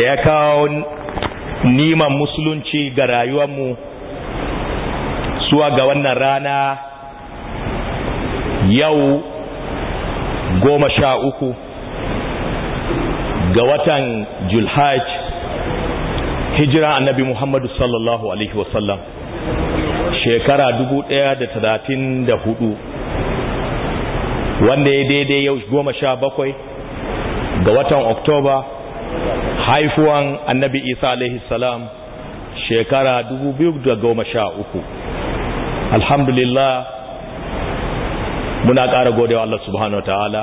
da ya kawo niman musulunci ga rayuwanmu suwa ga wannan rana yau goma sha uku ga watan julhaj hijira annabi muhammadu sallallahu alaihi wasallam shekara hudu wanda ya daidai yau goma sha bakwai ga watan oktoba haifuwan annabi isa alaihi salam shekara 2013 alhamdulillah muna ƙara godewa Allah subhanahu wa ta'ala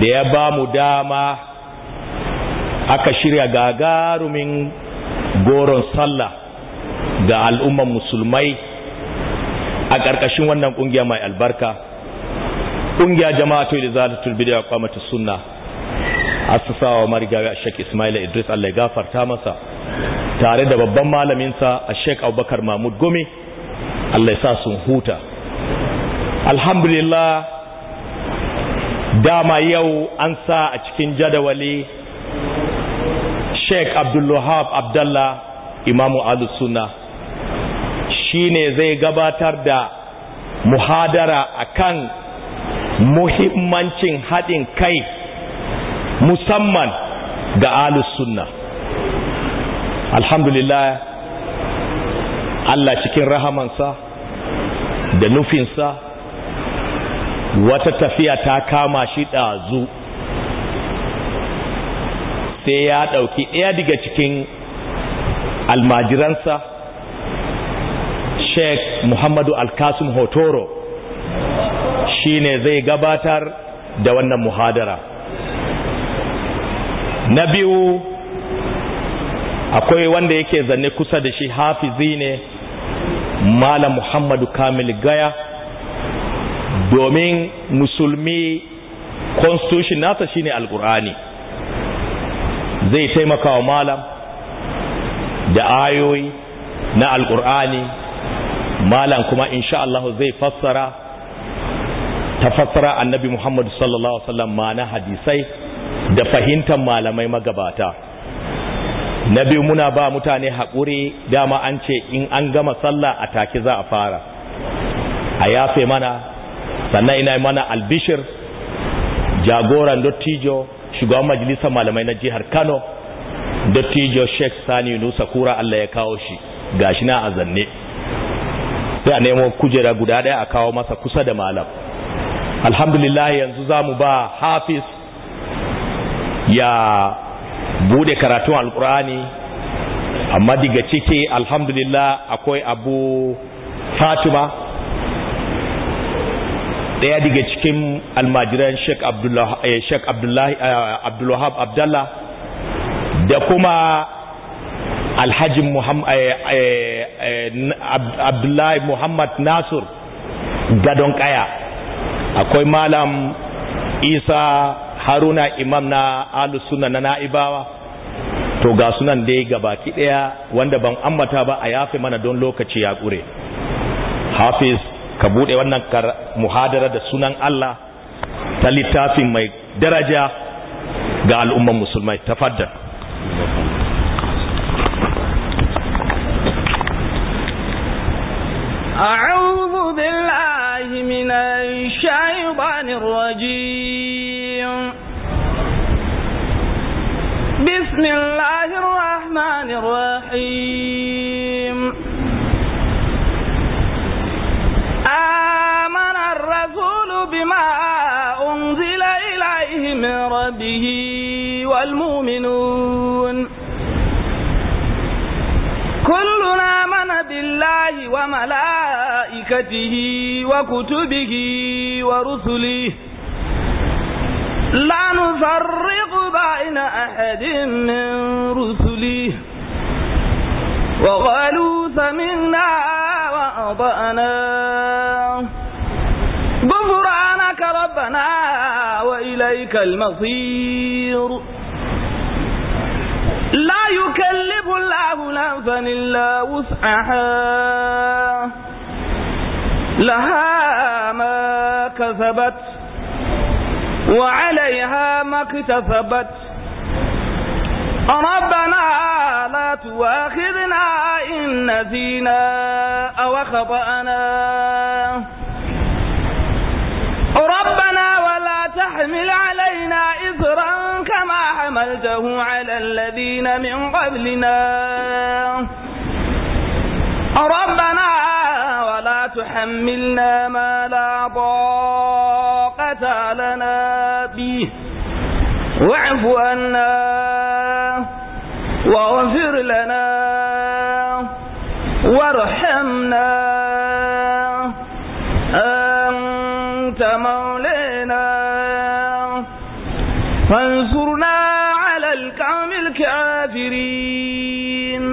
da ya ba mu dama aka shirya gagarumin goron sallah ga al'umman musulmai a ƙarƙashin wannan ƙungiya mai albarka ƙungiya jama'a to da za ta turbi da kwamata sunna asusawa marigawi a shek ismail idris allai gafar gafarta masa tare da babban malaminsa a shek abubakar mahmud gome allah sa sun huta alhamdulillah dama yau an sa a cikin jadawali sheik abdullahab abdallah imamu alusuna shi ne zai gabatar da muhadara akan muhimmancin haɗin kai musamman ga alus sunna alhamdulillah Allah cikin rahamansa da nufinsa wata tafiya ta kama shi ɗazu sai ya ɗauki ɗaya daga cikin almajiransa sheikh muhammadu alkasim hotoro shine zai gabatar da wannan muhadara na biyu akwai wanda yake zanne kusa da shi hafizi ne malam muhammadu kamil gaya domin musulmi constitution nasa shine alkur'ani zai taimaka wa malam da ayoyi na alkur'ani malam kuma insha Allah zai fassara ta fassara annabi muhammadu sallallahu alaihi wasallam ma na hadisai da fahimtar malamai magabata na biyu muna ba mutane haƙuri dama an ce in an gama sallah a take za a fara a yafe mana sannan ina mana albishir jagoran dottijo shugaban majalisar malamai na jihar kano dottijo sheikh sani nusa kura allah ya kawo shi gashi na a zanne sai a nemo kujera guda daya a kawo masa kusa da malam alhamdulillah yanzu zamu ba hafiz ya bude karatun alkur'ani amma diga ciki alhamdulillah akwai abu fatima daya daga cikin almajiran sheik abdullahab eh, eh, abdalla da kuma alhaji eh, abdullahi muhammad nasir gadon kaya akwai malam isa haruna imam na alusunan na na'ibawa to ga sunan dai gabaki daya wanda ban ammata ba a yafe mana don lokaci ya kure hafiz ka bude wannan muhadara da sunan Allah ta littafin mai daraja ga al'umman musulmai tafaddal أعوذ بالله من الشيطان الرجيم بسم الله الرحمن الرحيم آمن الرسول بما أنزل إليه من ربه والمؤمنون كلنا آمن بالله وملائكته وكتبه ورسله لا نفرق بين أحد من رسله وقالوا سمعنا وأطعنا غفرانك ربنا وإليك المصير لا يكلف الله نفسا إلا وسعها لها ما كسبت وعليها ما اكتسبت ربنا لا تواخذنا إن نسينا أو خطأنا ربنا ولا تحمل علينا إثرا كما حملته على الذين من قبلنا ربنا تحملنا ما لا طاقة لنا به واعف عنا واغفر لنا وارحمنا أنت مولانا فانصرنا على القوم الكافرين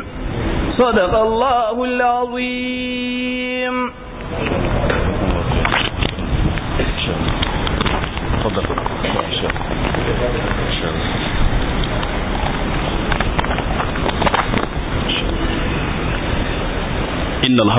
صدق الله العظيم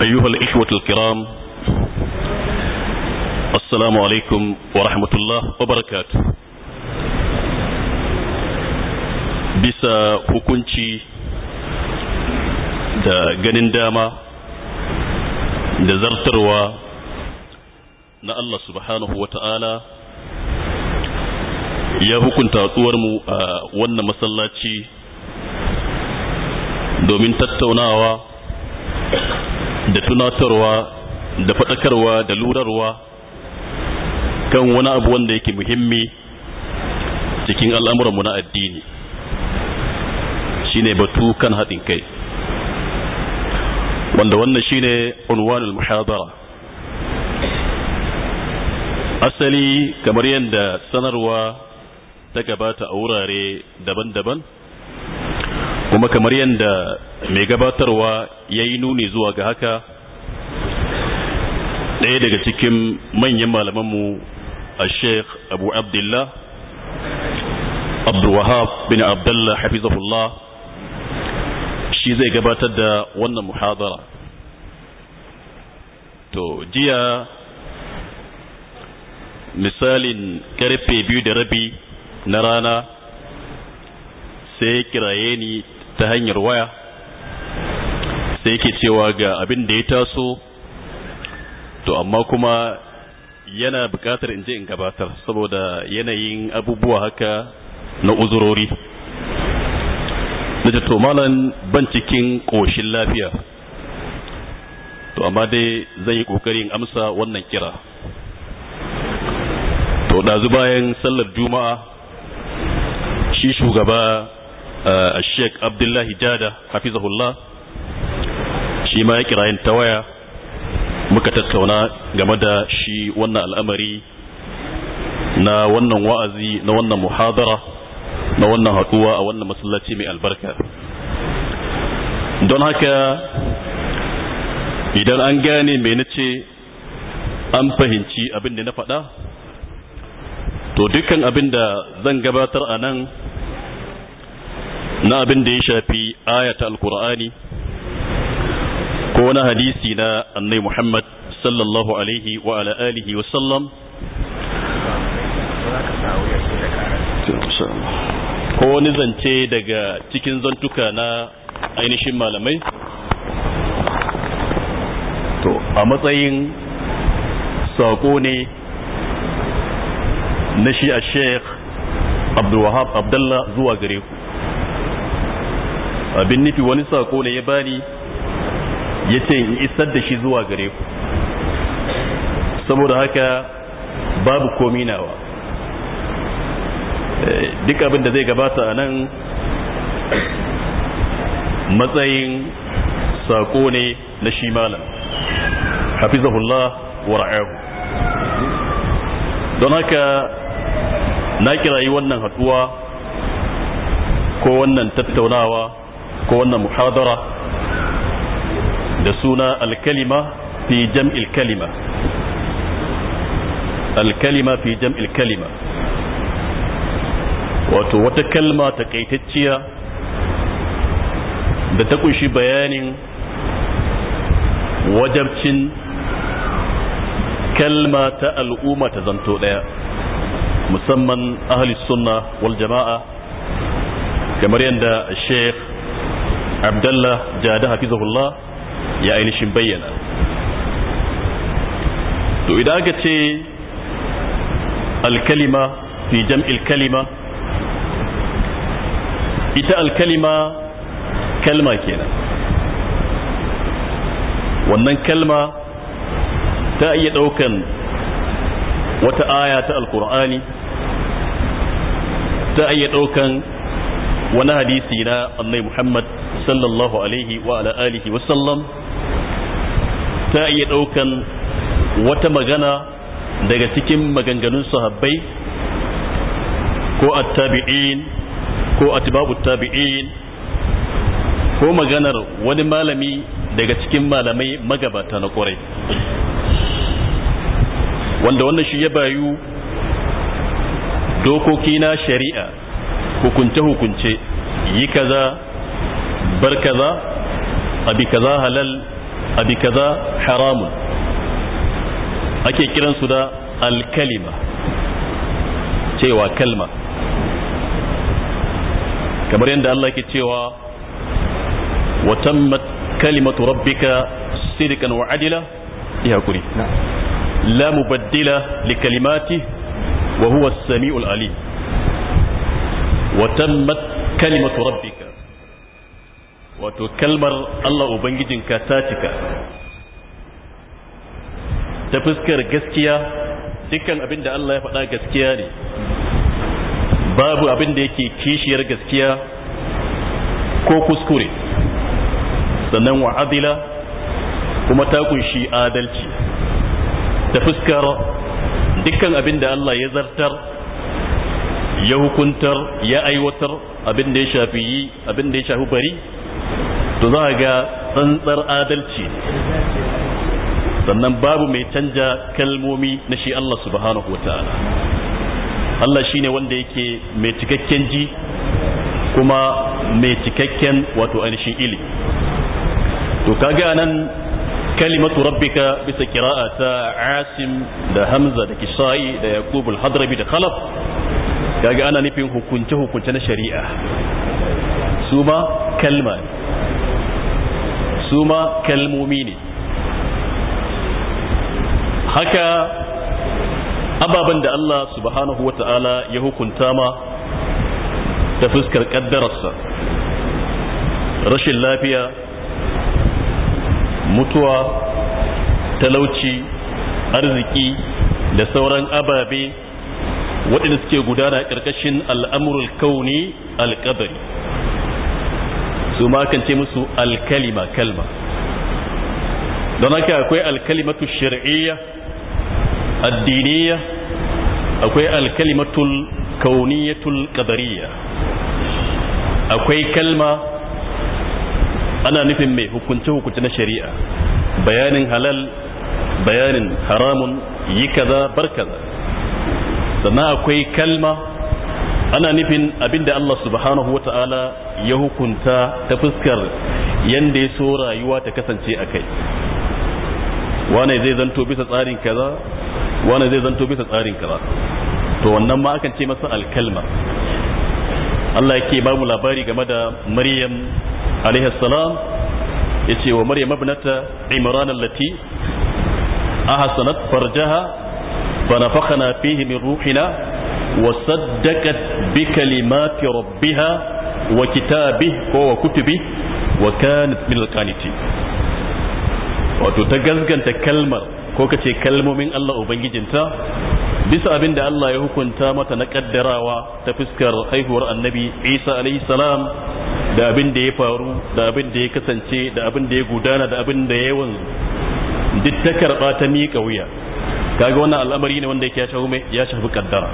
أيها الإخوة الكرام السلام عليكم ورحمة الله وبركاته bisa hukunci da ganin dama da zartarwa na Allah subhanahu wa ta'ala ya hukunta tsuwarmu a wannan masallaci domin tattaunawa da tunatarwa da faɗakarwa da lurarwa kan wani abu wanda yake muhimmi cikin al'amuranmu na addini shine batu kan haɗin kai wanda wannan shine unwanul muhadara asali kamar yadda sanarwa ta gabata a wurare daban-daban kuma kamar yadda mai gabatarwa ya yi nuni zuwa ga haka ɗaya daga cikin manyan malamanmu a sheikh abu abdullah abdulwahab bin abdullah hafizahullah shi zai gabatar da wannan muhadara to jiya misalin karfe biyu da rabi na rana sai kiraye ni ta hanyar waya sai yake cewa ga abin da ya taso to amma kuma yana bukatar in je in gabatar saboda yanayin abubuwa haka na uzurori da to malam ban cikin ƙoshin lafiya to amma dai zan yi ƙoƙarin amsa wannan kira to ɗazu bayan sallar juma'a shi shugaba a eh, sheik abdullahi jada hafizahullah shi ma ya yin ta waya muka tattauna game da shi wannan al'amari na wannan wa'azi na wannan muhadara na wannan haɗuwa a wannan masallaci mai albarka don haka idan an gane mai na ce an fahimci abin da na faɗa to dukkan abin da zan gabatar a nan na abin da ya shafi ayata alkur'ani ko wani hadisi na annai Muhammad sallallahu alaihi wa ala alihi wa sallam ko wani zance daga cikin zantuka na ainihin malamai to a matsayin sako ne na shi a sheikh abdulwahab abdullah zuwa gare ku abin nufi wani sako ne ya bani ya ce in isar da shi zuwa gare ku saboda haka babu kominawa nawa eh, duk abin da zai gabata a nan matsayin sako ne na shi malam hafizahullah wa ra'ahu don haka na kirayi wannan haduwa ko wannan tattaunawa ko wannan muhadara da suna alkalima fi jam'il kalima alkalima fi jam'il kalima wato wata kalma taƙaitacciya da ta kunshi bayanin wajabcin kalma ta al'umma ta zanto ɗaya musamman ahli sunna wal jama'a kamar yadda sheikh abdallah jada hafizahullah ya ainihin bayyana to idan aka ce alkalima fi jam'il kalima ita alkalima kalma kenan wannan kalma ta iya ɗaukan wata aya ta alkur'ani ta iya ɗaukan wani hadisi na annai muhammad sallallahu alaihi wa ala alihi wa sallam ta iya daukan wata magana daga cikin maganganun sahabbai ko at-tabi'in ko atba'u tabi'in ko maganar wani malami daga cikin malamai magabata na kwarai wanda wannan shi ya bayu dokoki na shari'a hukunce-hukunce yi kaza bar kaza abi kaza halal abi kaza haramun ake kiransu da alkalima cewa kalma kamar yadda Allah ke cewa wa tammat kalimatu rabbika sidqan wa adila ya kuri la mubaddila li kalimati wa huwa as-sami'ul alim wa tammat kalimatu rabbika wato kalmar Allah Ubangijinka ta cika ta fuskar gaskiya dukkan abin da Allah ya faɗa gaskiya ne babu abin da yake kishiyar gaskiya ko kuskure sannan wa'adila kuma ta kunshi adalci ta fuskar dukkan abin da Allah ya zartar ya hukuntar ya aiwatar abin da ya shafi yi abin da ya shafi bari to za ga tsantsar adalci sannan babu mai canja kalmomi na shi Allah subhanahu wata'ala Allah shine wanda yake mai cikakken ji kuma mai cikakken wato ainihin ili to kaga nan kalimatu rabbika bisa kira'a ta asim da hamza da kisai da al hadrabi da khalaf kaga ana nufin hukunce hukunce na shari'a su ma kalma su ma kalmomi ne haka ababen da Allah subhanahu wa ta'ala ya hukunta ma ta fuskar ƙaddararsa rashin lafiya mutuwa talauci arziki da sauran ababe waɗanda suke gudana ƙarƙashin al'amurul kauni alƙabari. su ma kan ce musu alkalima kalma don haka akwai alkalimatu shar'iyya addiniya akwai alkalimatul kauniyatul qadariyya akwai kalma ana nufin mai hukunce hukunce na shari'a bayanin halal bayanin haramun yi kaza bar kaza sannan akwai kalma ana nufin abinda Allah subhanahu wata'ala ya hukunta ta fuskar yanda ya so rayuwa ta kasance a kai wane zai zanto bisa tsarin kaza wane zai zanto bisa tsarin kaza to wannan ma akan ce masa alkalma Allah yake ba mu labari game da Maryam alaihi salam yace wa Maryam ibnata Imran allati ahsanat farjaha fa nafakhana fihi min ruhina وصدقت بكلمات ربها وكتابه وكتبه وكانت من القانتين wato ta gazganta kalmar ko ka ce kalmomin Allah Ubangijinta bisa abin da Allah ya hukunta mata na kaddarawa ta fuskar haihuwar annabi Isa alaihi salam da abin da ya faru da abin da ya kasance da abin da ya gudana da abin da ya wanzu duk ta karɓa ta miƙa wuya kaga wannan al'amari ne wanda ya shafi kaddara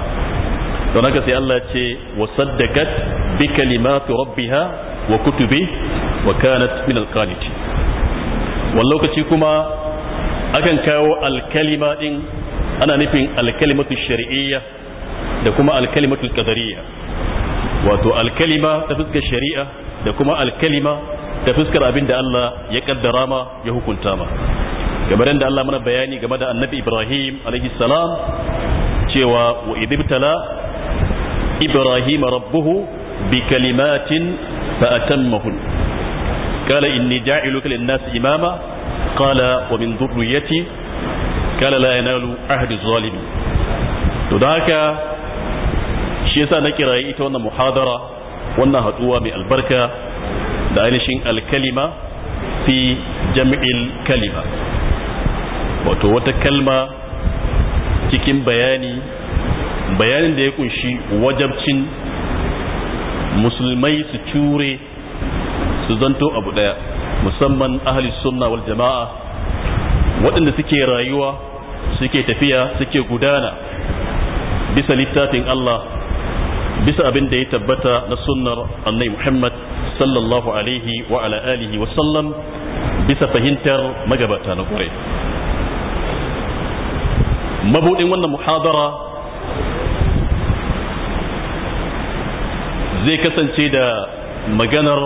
don haka sai Allah ce wa saddaqat bi kalimati rabbiha wa kutubi wa kanat min alqanitin wani lokaci kuma akan kawo alkalima din ana nufin alkalimatu shari'iyya da kuma alkalimatu qadariyya wato alkalima ta fuskar shari'a da kuma alkalima ta fuskar abin da Allah ya kaddara ma ya hukunta ma kamar yadda Allah mana bayani game da Annabi Ibrahim alaihi salam cewa wa idibtala إبراهيم ربه بكلمات فأتمهن قال إني جاعلك للناس إماما قال ومن ذريتي قال لا ينال عهد الظالم تداك شيسا نكرا يتونا محاضرة وانا هدوة من البركة دانشين الكلمة في جمع الكلمة wato wata kalma cikin bayani bayanin da ya kunshi wajabcin musulmai su ture su zanto abu daya musamman ahli sunna wal jama'a waɗanda suke rayuwa suke tafiya suke gudana bisa littafin Allah bisa abin da ya tabbata na sunnar annai Muhammad sallallahu alaihi wa ala alihi wa sallam bisa fahimtar magabata na kwarai mabudin wannan muhadara zai kasance da maganar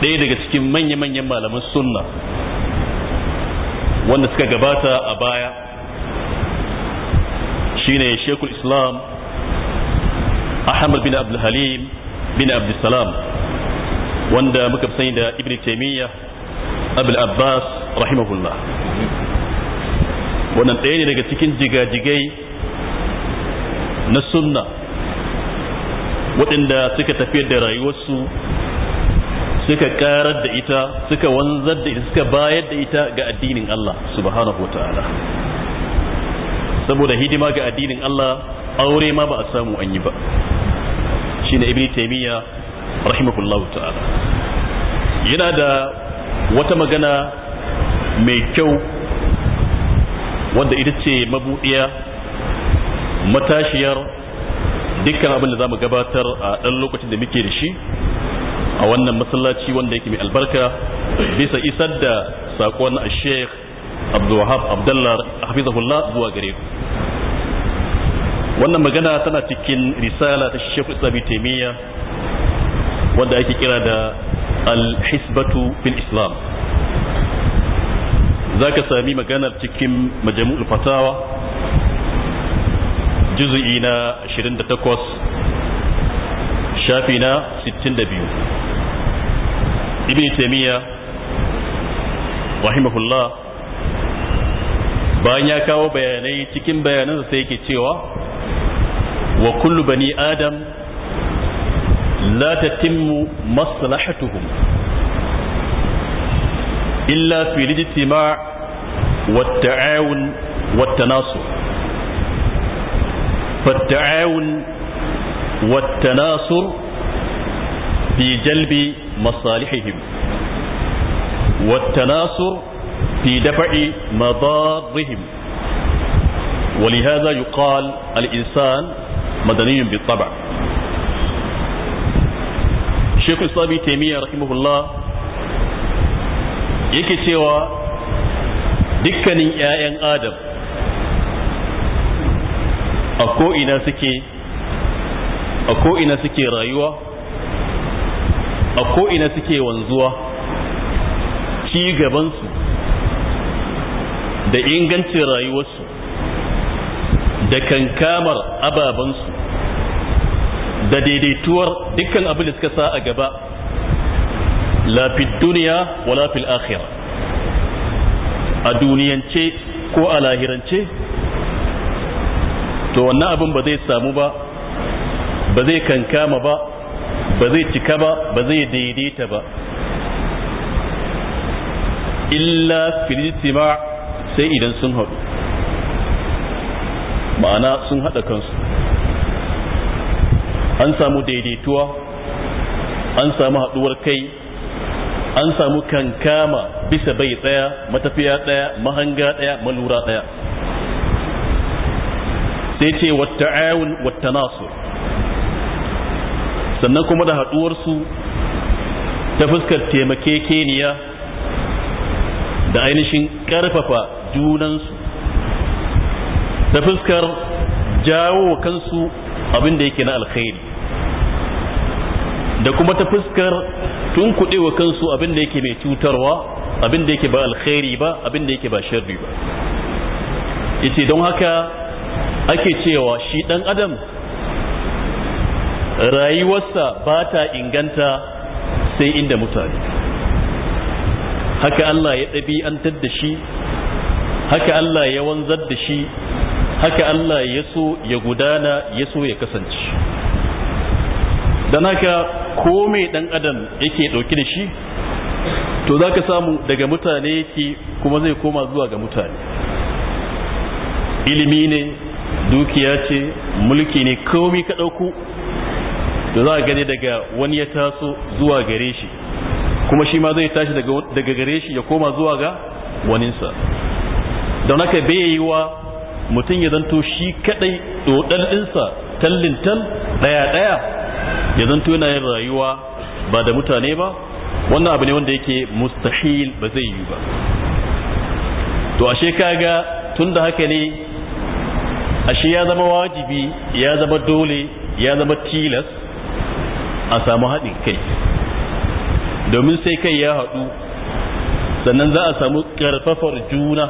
ɗaya daga cikin manya-manyan malaman sunna wanda suka gabata a baya shine shekul islam ahmad bin abdulhalim bin abdulsalam wanda muka fi sani da ibn taimiyya abul abbas rahimahullah wannan ɗaya ne daga cikin jiga-jigai. na sunna waɗanda suka tafiyar da rayuwarsu suka ƙarar da ita suka wanzar da ita suka bayar da ita ga addinin Allah subhanahu ta'ala saboda hidima ga addinin Allah aure ma ba a samu an yi ba shine ibn taymiya rahimahullahu ta'ala yana da wata magana mai kyau wanda ita ce mabuɗiya matashiyar dukkan abin da za mu gabatar a ɗan lokacin da muke da shi a wannan masallaci wanda yake mai albarka bisa isar da saƙon a sheikh abdulwahab abdallah hafizahullah zuwa gare ku wannan magana tana cikin risala ta sheikh sabi taimiyya wanda ake kira da al fil islam za ka sami maganar cikin majamu'ul fatawa juz'i na 28 shafi na 62 ibn taymiya rahimahullah bayan ya kawo bayanai cikin bayanansa sai yake cewa wa kullu bani adam la tatimmu maslahatuhum illa fi lijtima' wata nasu. فالتعاون والتناصر في جلب مصالحهم والتناصر في دفع مضارهم ولهذا يقال الإنسان مدني بالطبع شيخ الإسلام تيمية رحمه الله yake cewa dukkanin 'ya'yan adam a ko'ina suke rayuwa a ko'ina suke wanzuwa ci gabansu da ingancin rayuwarsu da kankamar ababansu da daidaituwar dukkan abin da suka sa a gaba lafid duniya wa lafil akhira a duniyance ko a lahirance da wannan abin ba zai samu ba ba zai kankama ba ba zai cika ba ba zai daidaita ba illa filistima sai idan sun haɗu ma'ana sun haɗa kansu an samu daidaituwa an samu haɗuwar kai an samu kankama bisa bai ɗaya matafiya ɗaya mahanga ɗaya malura ɗaya sai ce wata ayun wata nasu sannan kuma da haɗuwarsu ta fuskar keniya da ainihin ƙarfafa junansu ta fuskar jawo kansu abin yake na alkhairi da kuma ta fuskar tun kuɗewa kansu abin yake mai cutarwa abin yake ba alkhairi ba abin yake ba sharri ba yace don haka ake cewa shi ɗan adam rayuwarsa ba ta inganta sai inda mutane haka Allah ya ɗabi'antar da shi haka Allah ya wanzar da shi haka Allah ya so ya gudana ya so ya kasance don haka ko mai ɗan adam yake ɗauki da shi to za ka samu daga mutane yake kuma zai koma zuwa ga mutane ilimi ne dukiya ce mulki ne komi ka ɗauku da za a gani daga wani ya taso zuwa gare shi kuma shi ma zai tashi daga gare shi ya koma zuwa ga waninsa don haka bai yi wa mutum ya zanto shi kadai dodal ɗinsa tallin tal ɗaya ɗaya ya zanto yana yin rayuwa ba da mutane ba wannan abu ne wanda yake mustahil ba zai yi ba to ashe kaga tun da haka ne ashe ya zama wajibi ya zama dole ya zama tilas a samu haɗin kai domin sai kai ya haɗu sannan za a samu ƙarfafar juna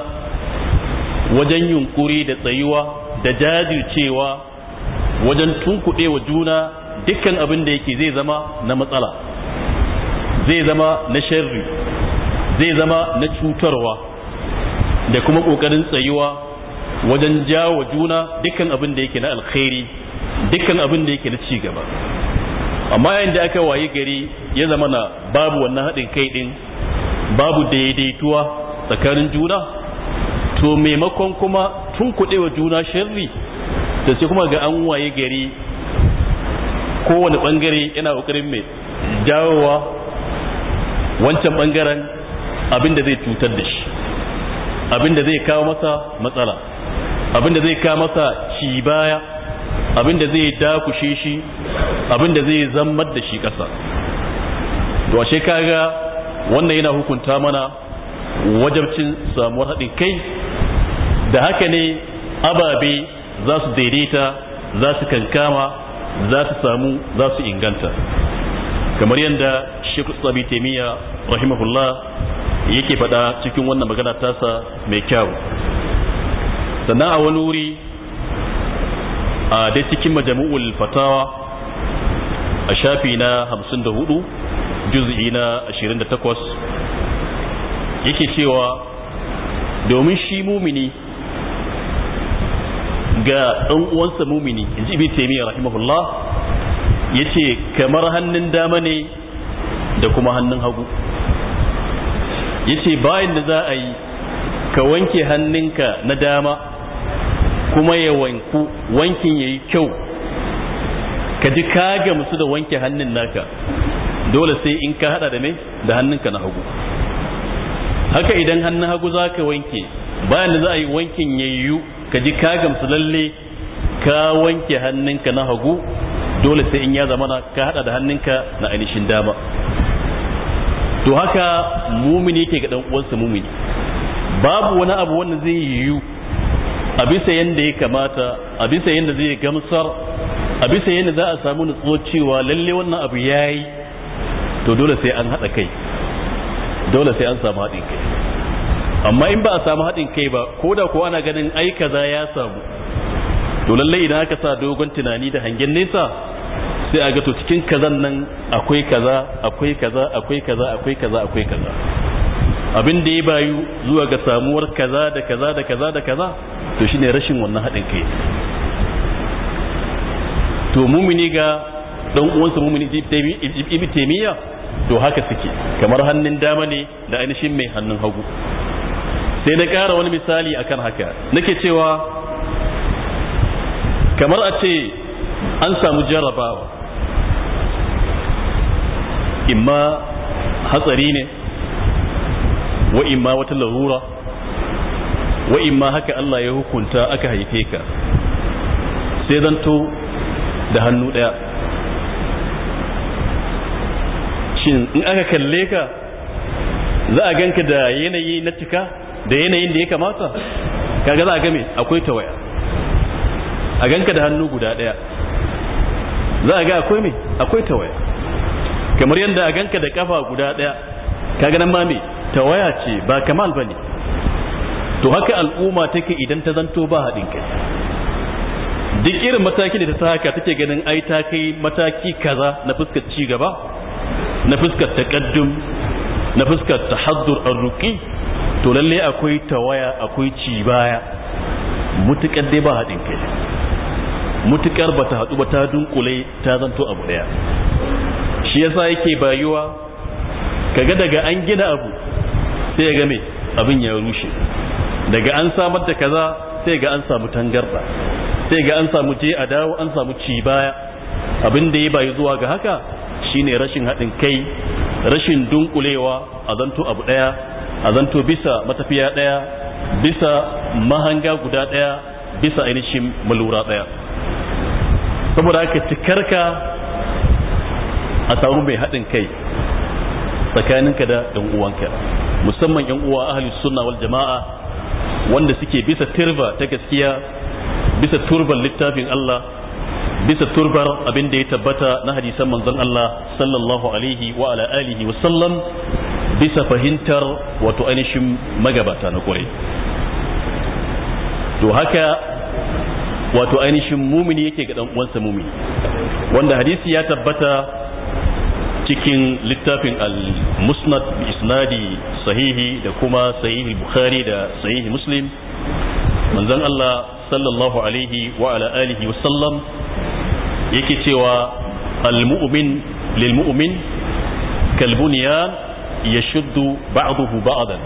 wajen yunkuri da tsayuwa da jajircewa wajen tunkuɗe wa juna dukkan abin da yake zai zama na matsala zai zama na sharri zai zama na cutarwa da kuma ƙoƙarin tsayuwa wajen jawo juna dukkan abin da yake na alkhairi dukkan abin da yake na ci gaba amma yayin da aka waye gari ya zama na babu wannan haɗin kai ɗin babu daidaituwa tsakanin juna to maimakon kuma tun kuɗewa juna sharri da sai kuma ga an waye gari kowane ɓangare yana ƙoƙarin mai jawowa wancan ɓangaren abin zai cutar da shi abinda zai kawo masa matsala Abin da zai ka masa ci baya abinda zai dakushe shi abinda zai zammar da shi ƙasa to kaga wannan yana hukunta mana wajabcin samuwar haɗin kai da haka ne ababe za su daidaita za su kankama za su samu za su inganta kamar yadda shekul tsabi taimiyya rahimahullah yake faɗa cikin wannan magana tasa mai kyau sannan a wani wuri a dai cikin majamu'ul fatawa a shafi na 54 juz'i na 28 yake cewa domin shi mumini ga ɗan uwansa mumini in ji bin taimiyar rahimahullah yace kamar hannun dama ne da kuma hannun hagu Ya ce bayan da za a yi ka wanke hannunka na dama kuma ya wanku wankin ya yi kyau ka ji ka gamsu da wanke hannun naka dole sai in ka hada da mai da hannunka na hagu haka idan hannun hagu za ka wanke bayan da za a yi wankin ya yu ka ji ka gamsu lalle ka wanke hannunka na hagu dole sai in ya zama ka hada da hannunka na ainihin dama to haka mumini yake ga ɗan uwansa mumini babu wani abu wanda zai yiwu a bisa yadda ya kamata a bisa yadda zai gamsar a bisa yadda za a samu nutsuwa cewa lalle wannan abu ya yi to dole sai an haɗa kai dole sai an samu haɗin kai amma in ba a samu haɗin kai ba ko da kuwa ana ganin ai kaza ya samu to lalle idan aka sa dogon tunani da hangen nesa sai a ga to cikin kazan nan akwai kaza akwai kaza akwai kaza akwai kaza akwai kaza abin da ya bayu zuwa ga samuwar kaza da kaza da kaza da kaza to shine rashin wannan haɗin kai to mumini ga dan uwansa mumini ibi temiya to haka suke kamar hannun dama ne da ainihin mai hannun hagu sai na ƙara wani misali akan haka nake cewa kamar a ce an samu jarrabawa imma hatsari ne wa imma wata larura wa ma haka Allah ya hukunta aka haife ka sai zanto da hannu ɗaya shin in aka kalle ka za a ganka da yanayi na cika da yanayin da ya kamata kaga za a game akwai tawaya a ganka da hannu guda ɗaya za a ga akwai me akwai tawaya kamar yadda a ganka da kafa guda ɗaya kaga nan ma me tawaya ce ba kamal ba ne to haka al'umma take idan ta zanto ba haɗin kai duk irin mataki da ta saka haka take ganin ai ta kai mataki kaza na fuskar ci gaba na fuskar taqaddum na fuskar tahaddur arruqi to lalle akwai tawaya akwai ci baya mutukar dai ba haɗin kai mutukar ta haɗu ba ta dunkule ta zanto abu daya shi yasa yake bayuwa kaga daga an gina abu sai ya ga abin ya rushe daga an samar da kaza sai ga an samu tangarda sai ga an samu je a dawo an samu ci baya abin da ya bayi zuwa ga haka shine rashin haɗin kai rashin dunkulewa a zanto abu ɗaya a zanto bisa matafiya ɗaya bisa mahanga guda ɗaya bisa ainihin malura ɗaya saboda haka cikarka a samu mai haɗin kai tsakaninka da ɗan uwanka musamman yan uwa ahli suna wal jama'a wanda suke bisa turba ta gaskiya bisa turban littafin Allah bisa turbar abin da ya tabbata na hadisan manzon Allah sallallahu alaihi wa ala alihi wa sallam bisa fahimtar wato ainihin magabata na kwarai to haka wato ainihin mumini yake ga dan uwansa mumini wanda hadisi ya tabbata cikin littafin al-musnad isnadi sahihi da kuma sahihi bukhari da sahihi muslim manzon Allah sallallahu alaihi wa ala alihi wa sallam yake cewa al-mu'min lil mu'min kal bunyan yashuddu ba'dahu ba'dan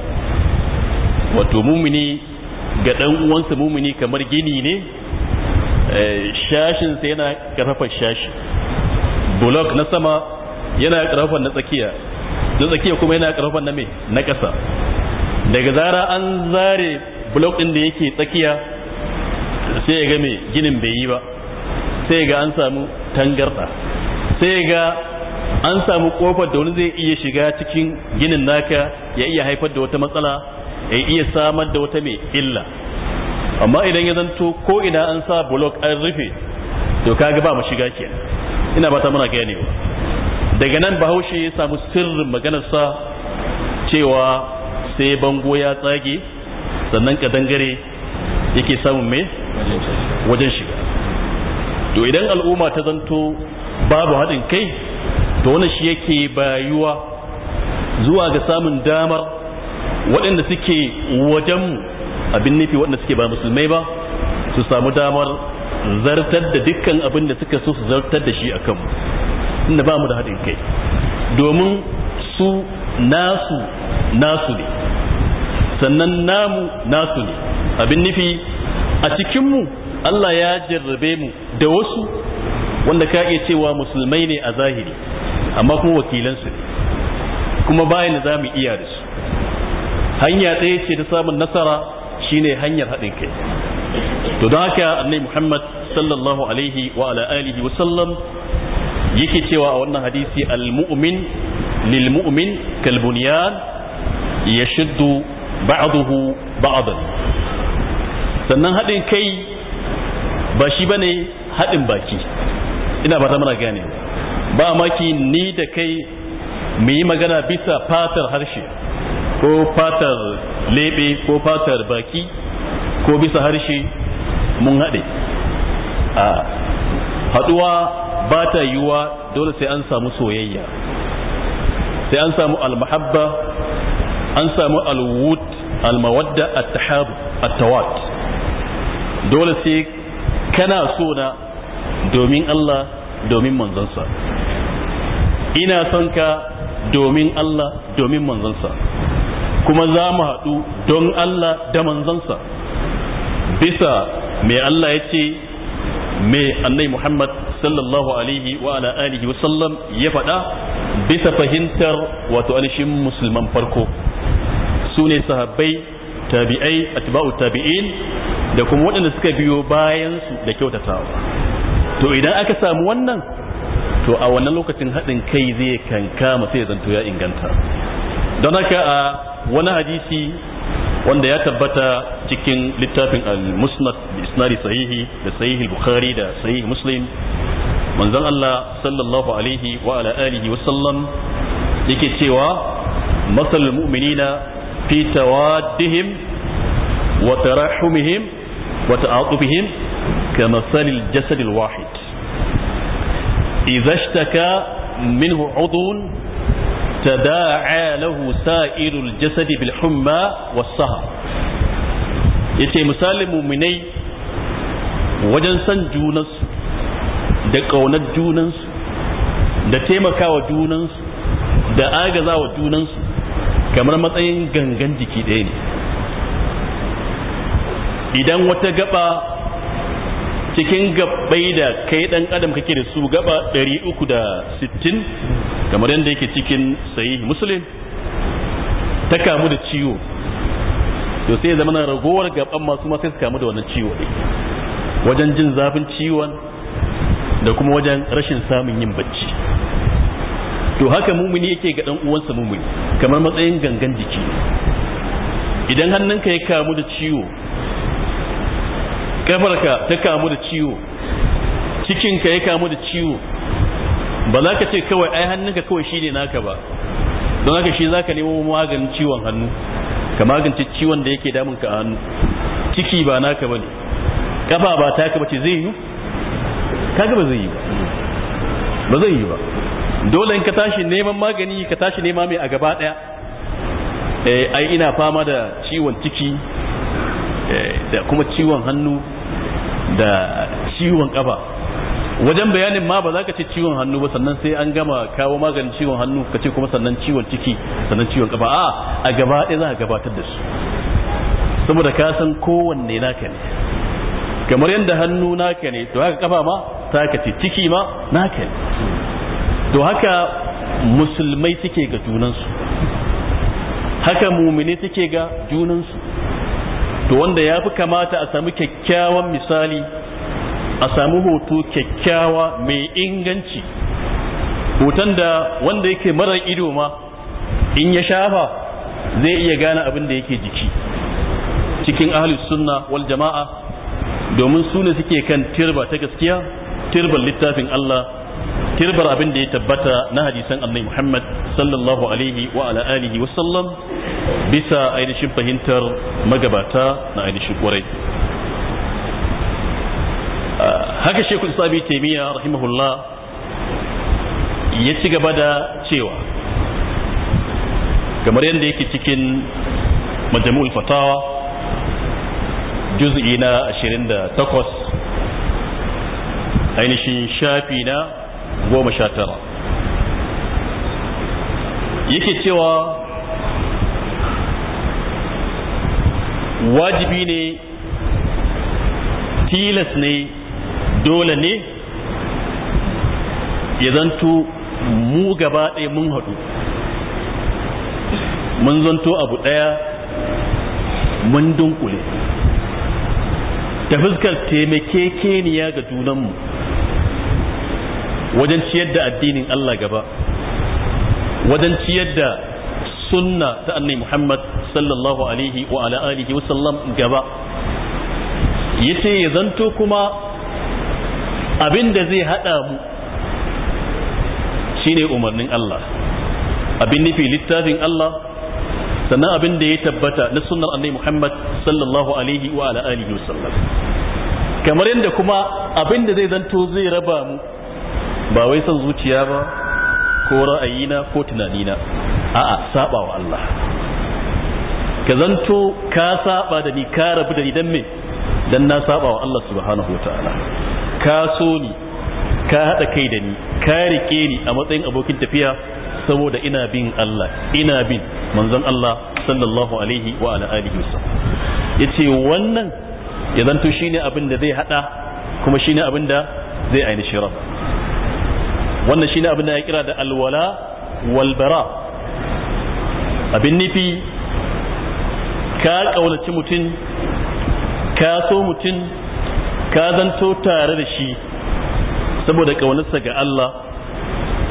wato mumini ga dan uwansa mumini kamar gini ne eh, shashin sai yana karfafa shashi bulog na sama yana karfan na tsakiya na tsakiya kuma yana karfan na me na ƙasa daga zara an zare blok din da yake tsakiya sai ya ga me ginin bai yi ba sai ga an samu tangarda sai ga an samu kofar da wani zai iya shiga cikin ginin naka ya iya haifar da wata matsala ya iya samar da wata mai illa amma idan ya zanto ko ina an sa blok an rufe to kaga ba mu shiga kenan ina ba ta muna ganewa daga nan bahaushe ya samu sirrin maganarsa cewa sai bango ya tsage sannan kadangare yake samun mai wajen shiga to idan al'umma ta zanto babu haɗin kai to wani shi yake bayuwa zuwa ga samun damar waɗanda suke wajenmu abin nufi waɗanda suke ba musulmai ba su samu damar zartar da dukkan abin da suka so su zartar da shi a kanmu tunda ba mu da haɗin kai domin su nasu nasu ne sannan namu nasu ne abin nufi a cikinmu Allah ya jarrabe mu da wasu wanda ka iya cewa musulmai ne a zahiri amma kuma wakilansu ne kuma bayan za mu iya da su hanya ɗaya ce ta samun nasara shine hanyar haɗin kai to don haka annai muhammad sallallahu alaihi wa ala alihi wa sallam yake cewa a wannan hadisi al-mu'min lil mu'min kal bunyan yashuddu ba'dahu ba'dan sannan hadin kai ba shi bane hadin baki ina ba ta mana gane ba maki ni da kai mu yi magana bisa fatar harshe ko fatar lebe ko fatar baki ko bisa harshe mun haɗe a haɗuwa ba ta yiwuwa dole sai an samu soyayya sai an samu almahabba an samu alwut almawadda attahab attawat dole sai kana so na domin Allah domin manzansa ina son ka domin Allah domin manzansa kuma za mu haɗu don Allah da manzansa bisa mai Allah ya ce mai annai Muhammad sallallahu alaihi wa ala alihi wa sallam ya faɗa bisa fahimtar wato alishin musulman farko su ne sahabbai tabi'ai atba'u tabi'in da kuma waɗanda suka biyo bayan su da kyautatawa to idan aka samu wannan to a wannan lokacin haɗin kai zai kankama sai ya zanto ya inganta don haka a wani hadisi wanda ya tabbata cikin littafin al-musnad bi isnadi sahihi da sahihi bukhari da sahihi muslim manzon Allah sallallahu alaihi wa ala alihi wa sallam yake cewa masal mu'minina fi tawaddihim wa tarahumihim wa ta'atufihim كمثل الجسد الواحد إذا اشتكى منه عضو تداعى له سائر الجسد بالحمى والسهر yace misalin muminai wajen san junansu da ƙaunar junansu da taimakawa junansu da agazawa junansu kamar matsayin gangan jiki ɗaya ne idan wata gaba cikin gabbai da kai dan adam kake da su gaba 360 kamar yadda yake cikin sayi musulun ta kamu da ciwo to sai zama ragowar gaban masu masu kamu da wannan ciwo wajen jin zafin ciwon da kuma wajen rashin samun yin bacci to haka mumuni yake ga dan uwansa mumuni kamar matsayin gangan jiki idan hannunka ya kamu da ciwo kafarka ta kamu da ciwo cikinka ya kamu da ciwo ba za ka ce kawai ai hannunka kawai shine naka ba don haka shi za ka nemo maganin ciwon hannu ka magance ciwon da yake damunka a hannu ciki ba naka ba ne kafa ba ka ba ce zai yi kaga ba zai yi ba ba zai yi ba dole in ka tashi neman magani ka tashi nema mai a gaba daya eh ai ina fama da ciwon ciki eh, da kuma ciwon hannu da ciwon kafa wajen bayanin ma ba za ka ce ciwon hannu ba sannan sai an gama kawo maganin ciwon hannu ka ce kuma sannan ciwon ciki sannan ciwon kafa a a gaba ɗaya za a gabatar da su saboda ka san kowanne naka ne kamar yadda hannu naka ne to haka kafa ma taka ce ciki ma naka ne to haka musulmai suke ga junansu haka mumine suke ga junansu to wanda ya fi kamata a sami kyakkyawan misali a sami hoto kyakkyawa mai inganci hoton da wanda yake marar ido ma in ya shafa zai iya gane abin da yake jiki cikin ahlus sunna wal jama'a domin su ne suke kan tirba ta gaskiya tirbar littafin Allah tirbar abin da ya tabbata na hadisan annabi Muhammad sallallahu alaihi wa ala alihi wa sallam bisa ainihin fahimtar magabata na ainihin kwarai haka shekul sabi taimiyya rahimahullah ya ci gaba da cewa kamar yadda yake cikin majmu'ul fatawa juz'i na 28 ainihin shafi na goma sha tara yake cewa wajibi ne tilas ne dole ne ya zanto mu gaba ɗaya mun haɗu mun zanto abu ɗaya mun dunkule ta fuskar taimakekeniya ga junanmu wajen ciyar da addinin Allah gaba wajen ciyar da sunna ta annabi Muhammad sallallahu alaihi wa ala alihi wa sallam gaba yace ya zanto kuma abinda zai hada mu shine umarnin Allah abin nufi littafin Allah sannan abin da ya tabbata na sunnar annabi Muhammad sallallahu alaihi wa ala alihi wa sallam kamar yadda kuma abin da zai zanto zai raba mu ba wai son zuciya ba ko ra'ayina ko tunanina a'a saba wa Allah ka zanto ka saba da ni ka rabu da ni dan me dan na saba wa Allah subhanahu wataala ka so ni ka haɗa kai da ni ka rike ni a matsayin abokin tafiya saboda ina bin Allah ina bin manzon Allah sallallahu alaihi wa ala alihi yace wannan ya zanto shine abin da zai hada kuma shine abin da zai ainihin shirar wannan shine abin da ya kira da alwala Walbara. abin nufi ka kaunaci mutum ka so mutum ka zanto tare da shi saboda kaunarsa ga Allah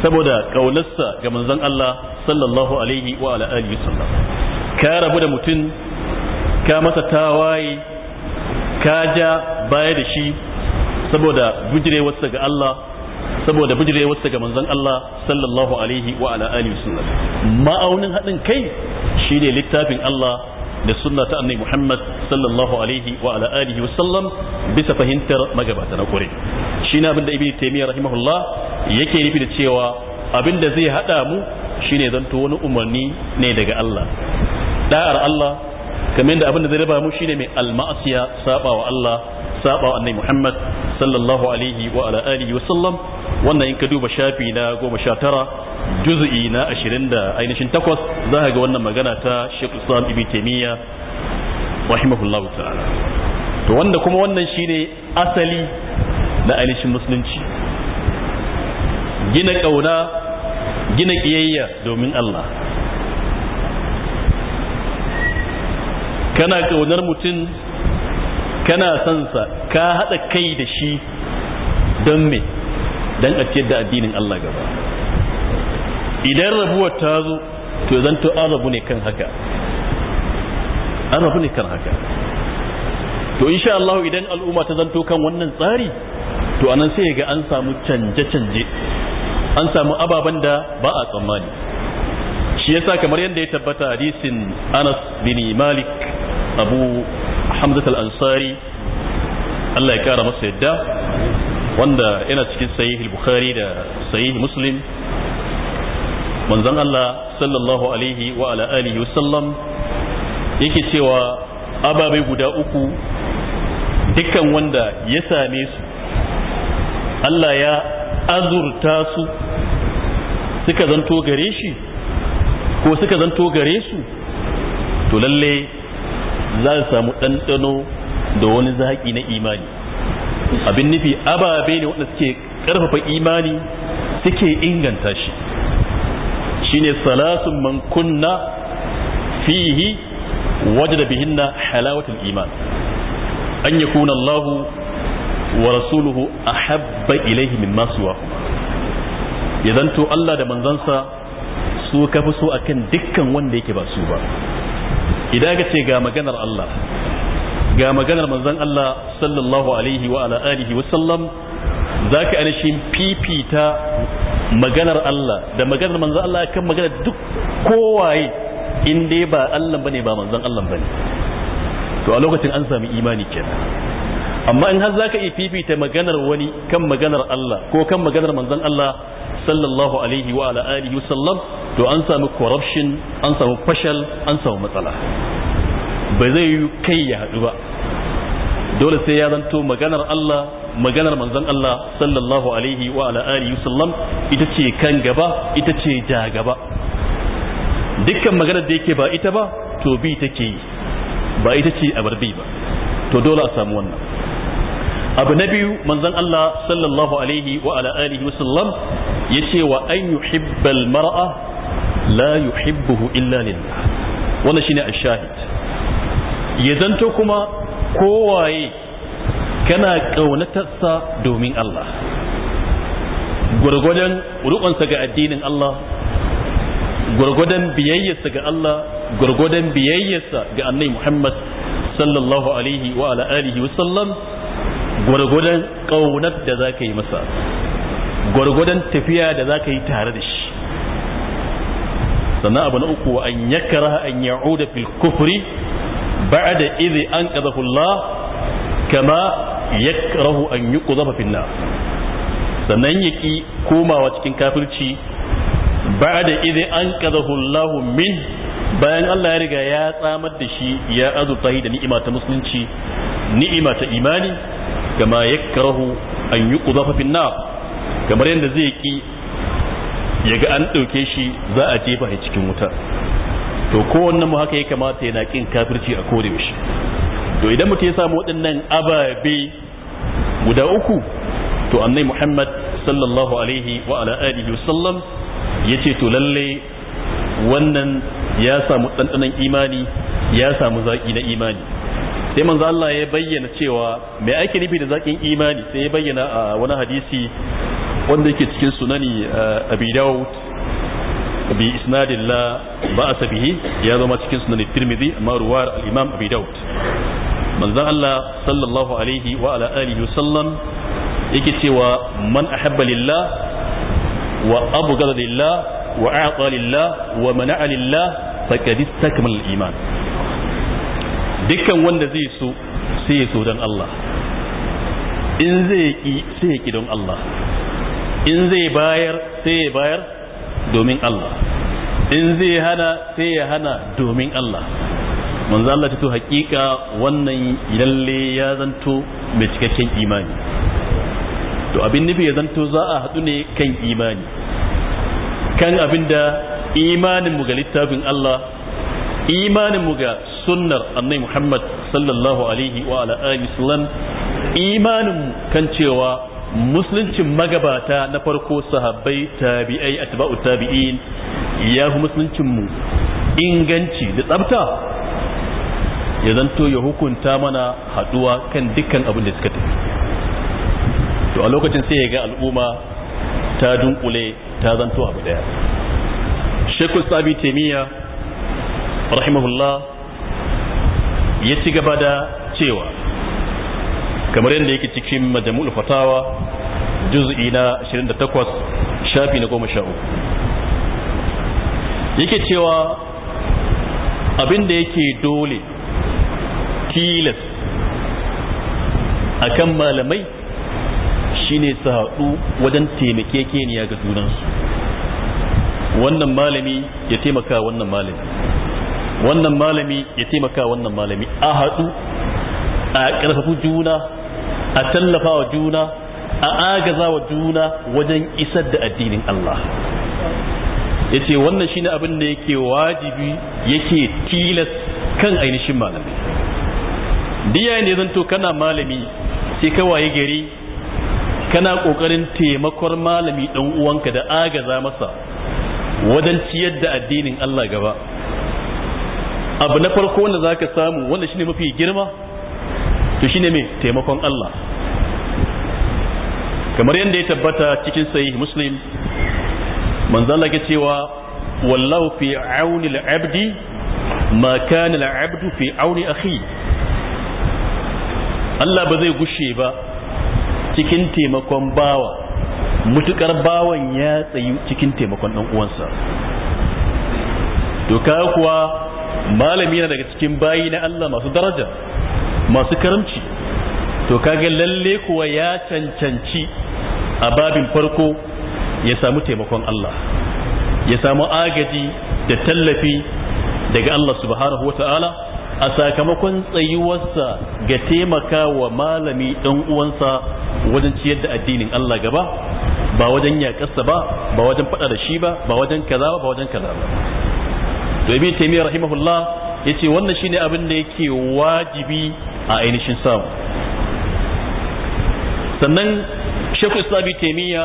saboda kaunarsa ga manzon Allah sallallahu alaihi wa ala alihi sallam ka rabu da mutum ka masa tawaye ka ja baya da shi saboda gujirewarsa ga Allah saboda bijire wasu daga manzon Allah sallallahu alaihi wa ala alihi wasallam ma'aunin haɗin kai shine littafin Allah da sunna ta annabi Muhammad sallallahu alaihi wa ala alihi wasallam bisa fahimtar magabata na kure shine abinda ibnu taymiyyah rahimahullah yake nufi da cewa abinda zai hada mu shine zanto wani umarni ne daga Allah da'ar Allah kamar da abinda zai raba mu shine mai almasiya wa Allah saba wa annabi Muhammad sallallahu alaihi wa ala alihi wa sallam wannan in ka duba shafi na 19 juz'i na 20 da ainihin takwas za ka ga wannan magana ta Sheikh Islam Ibn Taymiyyah rahimahullahu ta'ala to wanda kuma wannan shine asali na ainihin musulunci gina kauna gina kiyayya domin Allah kana kaunar mutum kana son sa ka haɗa kai da shi don me don a ciyar da addinin Allah gaba idan rabuwar ta zo to zanto an rabu ne kan haka an rabu ne kan haka to insha Allah idan al'umma ta zanto kan wannan tsari to anan sai ga an samu canje-canje an samu ababen da ba a tsammani shi yasa kamar yadda ya tabbata hadisin Anas bin Malik Abu hamzat ansari Allah ya kara masa yadda wanda yana cikin sahih bukhari da sahih muslim manzon Allah sallallahu alaihi wa ala alihi wa yake cewa ababe guda uku dukkan wanda ya same su Allah ya azurta su suka zanto gare shi ko suka zanto gare su to lalle za su samu ɗanɗano da wani zaƙi na imani abin nufi ababe ne wanda suke ƙarfafa imani suke inganta shi shine salasun man kunna fihi da bihinna halawatul iman an yakuna Allahu wa rasuluhu ahabba ilaihi min suwa ya zanto Allah da manzansa su kafi so akan dukkan wanda yake ba su ba idan ka ce ga maganar Allah ga maganar manzon Allah sallallahu alaihi wa ala alihi wa sallam zaka anishin fifita maganar Allah da maganar manzon Allah kan magana duk kowaye in dai ba Allah bane ba manzon Allah bane to a lokacin an sami imani kenan amma in har zaka iya fifita maganar wani kan maganar Allah ko kan maganar manzon Allah sallallahu alaihi wa ala alihi wa sallam to an samu corruption an samu fashal an samu matsala ba zai yi kai ya haɗu ba dole sai ya zanto maganar Allah maganar manzon Allah sallallahu alaihi wa ala alihi sallam ita ce kan gaba ita ce ja gaba dukkan maganar da yake ba ita ba to bi take yi ba ita ce a barbi ba to dole a samu wannan abu na biyu manzon Allah sallallahu alaihi wa ala alihi sallam yace wa an yuhibbal mar'a la yuhibbuhu illa lillah wannan shine ashahid ya zanto kuma kowaye kana kaunatarsa domin Allah gwargwadon sa ga addinin Allah gwargwadon biyayyarsa ga Allah gwargwadon biyayyarsa ga annabi Muhammad sallallahu alaihi wa ala alihi wa sallam gwargwadon kaunar da zaka yi masa gwargwadon tafiya da zaka yi tare da shi sannan abu na uku wa an yakraha an ya'uda fil kufri ba'da idh an qadahu Allah kama yakrahu an yi yuqdhafa fil nar sannan yaki komawa cikin kafirci ba'da idh an qadahu Allah min bayan Allah ya riga ya tsamar da shi ya azurta da ni'ima ta musulunci ni'ima ta imani kama yakrahu an yuqdhafa fil nar kamar yadda zai ki ya ga an ɗauke shi za a jefa shi cikin wuta to kowannen mu haka ya kamata yana kin kafirci a kore shi to idan mutum ya samu waɗannan ababe guda uku to annai muhammad sallallahu alaihi wa ala alihi wasallam ya ce to lalle wannan ya samu ɗanɗanon imani ya samu zaƙi na imani sai manzo Allah ya bayyana cewa me ake nufi da zaƙin imani sai ya bayyana a wani hadisi wanda yake cikin sunani eh, abi dawud bi isnadin la ba a bihi ya zama cikin sunani tirmidhi amma ruwar al-imam abi dawud manzon Allah sallallahu alaihi wa ala alihi wa sallam yake cewa man ahabba lillah wa abghada lillah wa a'ta lillah wa mana'a lillah faqad istakmala al-iman dukkan wanda zai so sai ya so don Allah in zai yi sai ya ki don Allah in zai bayar sai ya bayar domin Allah in zai hana sai ya hana domin Allah manzo Allah ta to hakika wannan lalle ya zanto mai cikakken imani to abin nufi ya zanto za a hadu ne kan imani kan abinda da imanin mu ga littafin Allah imanin mu ga sunnar annai Muhammad sallallahu alaihi wa ala alihi sallam imanin kan cewa musuluncin magabata na farko sahabbai tabi'ai atba'u tabi'in ya fi musuluncin inganci da tsabta ya zanto ya hukunta mana haduwa kan dukkan abin da suka tafi to a lokacin sai ya ga al'umma ta dunkule ta zanto abu daya shekul sabi temiya rahimahullah ya ci gaba da cewa kamar yadda yake cikin majamul fatawa juz'i na 28 shafi na 13 yake cewa abin da yake dole tilas kan malamai shine su haɗu wajen ya ga junansu wannan malami ya taimaka wannan malami wannan malami ya taimaka wannan malami a haɗu a ƙarfafi juna a tallafa wa juna a agaza wa juna wajen isar da addinin Allah ya ce wannan shine abin da yake wajibi yake tilas kan ainihin malami diya ne zanto kana malami sai ka waye gari kana kokarin taimakon malami dan uwanka da agaza masa wajen ciyar da addinin Allah gaba abu na farko wanda zaka samu wanda shine mafi girma to shine me taimakon Allah kamar yadda ya tabbata cikin sai muslim manzala ke cewa wallahu fi auni al-abdi ma kana al-abdu fi auni akhi Allah ba zai gushe ba cikin taimakon bawa mutukar bawan ya tsayu cikin taimakon dan uwansa to kuwa malami na daga cikin bayi na Allah masu daraja masu karamci to kaga lalle kuwa ya cancanci a babin farko ya samu taimakon Allah ya samu agaji da tallafi daga Allah subhanahu wata'ala a sakamakon tsayuwarsa ga taimaka wa malami ɗan uwansa wajen ciyar da addinin Allah gaba ba wajen yaƙarsa ba ba wajen faɗa da shi ba ba wajen kaza ba wajen kaza ba to ibn taymiyyah rahimahullah yace wannan shine abin da yake wajibi a ainihin samu sannan shafi islami taimiyya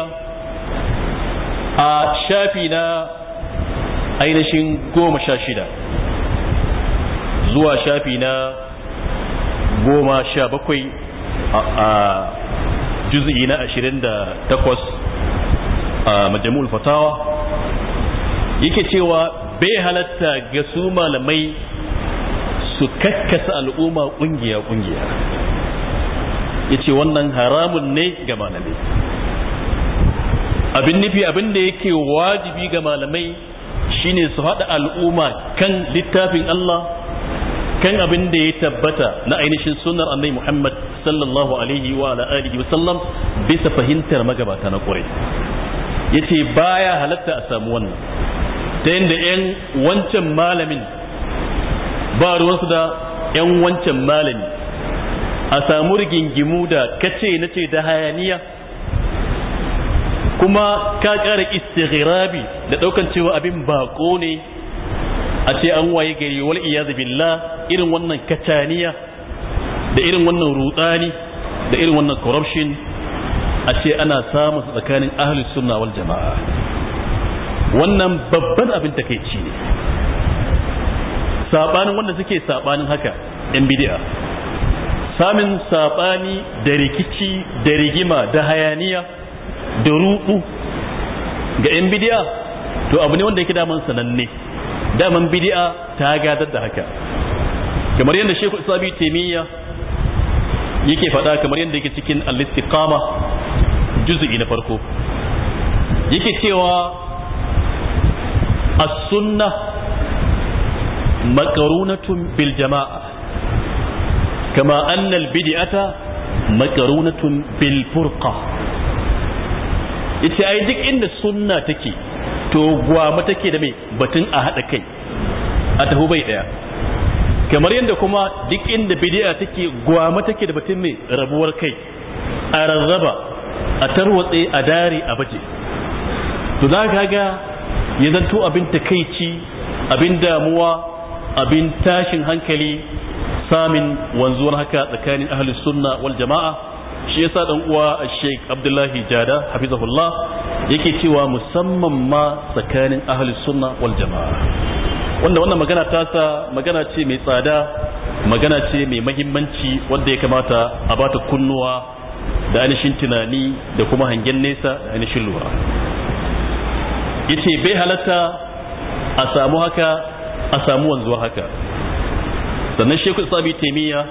a shafi na ainihin goma sha shida zuwa shafi na goma sha bakwai a juz'i na ashirin da takwas a majamul fatawa yake cewa bai halatta ga su malamai su kakkasa al'umma kungiya kungiya yace wannan haramun ne ga malamai abin nufi abin da yake wajibi ga malamai shine su haɗa al'umma kan littafin Allah kan abin da ya tabbata na ainihin sunnar annabi Muhammad sallallahu alaihi wa ala alihi wa sallam bisa fahimtar magabata na ƙure yace baya halatta a samu wannan ta yadda 'yan wancan malamin ba ruwansu da yan wancan malami a samu rigingimu da kace na ce da hayaniya kuma ka ƙara istighirabi da ɗaukan cewa abin bako ne a ce an waye gari wal iyazu billah irin wannan kataniya da irin wannan rutsani da irin wannan corruption a ce ana samu tsakanin ahlus sunna wal jama'a wannan babban abin takeici ne sabanin wanda suke sabanin haka yan bid'a samun sabani da rikici da rigima da hayaniya da ruɗu ga yan bid'a to abu ne wanda yake daman sananne daman bid'a ta gadar da haka kamar yadda shekul sabi taimiyya yake faɗa kamar yadda yake cikin al-istiqama juz'i na farko yake cewa as-sunnah makarunatun bil jama'a kama annal bid'ata makarunatun bil yace ai duk inda sunna take to gwama take da mai batun a haɗa kai a taho bai ɗaya. kamar yadda kuma duk inda bid'a take gwama take da batun mai rabuwar kai a rarraba a tarwatse a dare a baje to za ka ga ya zanto abin takaici abin damuwa abin tashin hankali samin wanzuwar haka tsakanin ahli sunna wal jama'a shi yasa dan uwa Sheikh Abdullahi Jada hafizahullah yake cewa musamman ma tsakanin ahli sunna wal jama'a wanda wannan magana ta tasa magana ce mai tsada magana ce mai mahimmanci wanda ya kamata a bata kunnuwa da ainihin tunani da kuma hangen nesa da ainihin lura yace bai halatta a samu haka a samu wanzuwa haka sannan shekul sabi taimiyya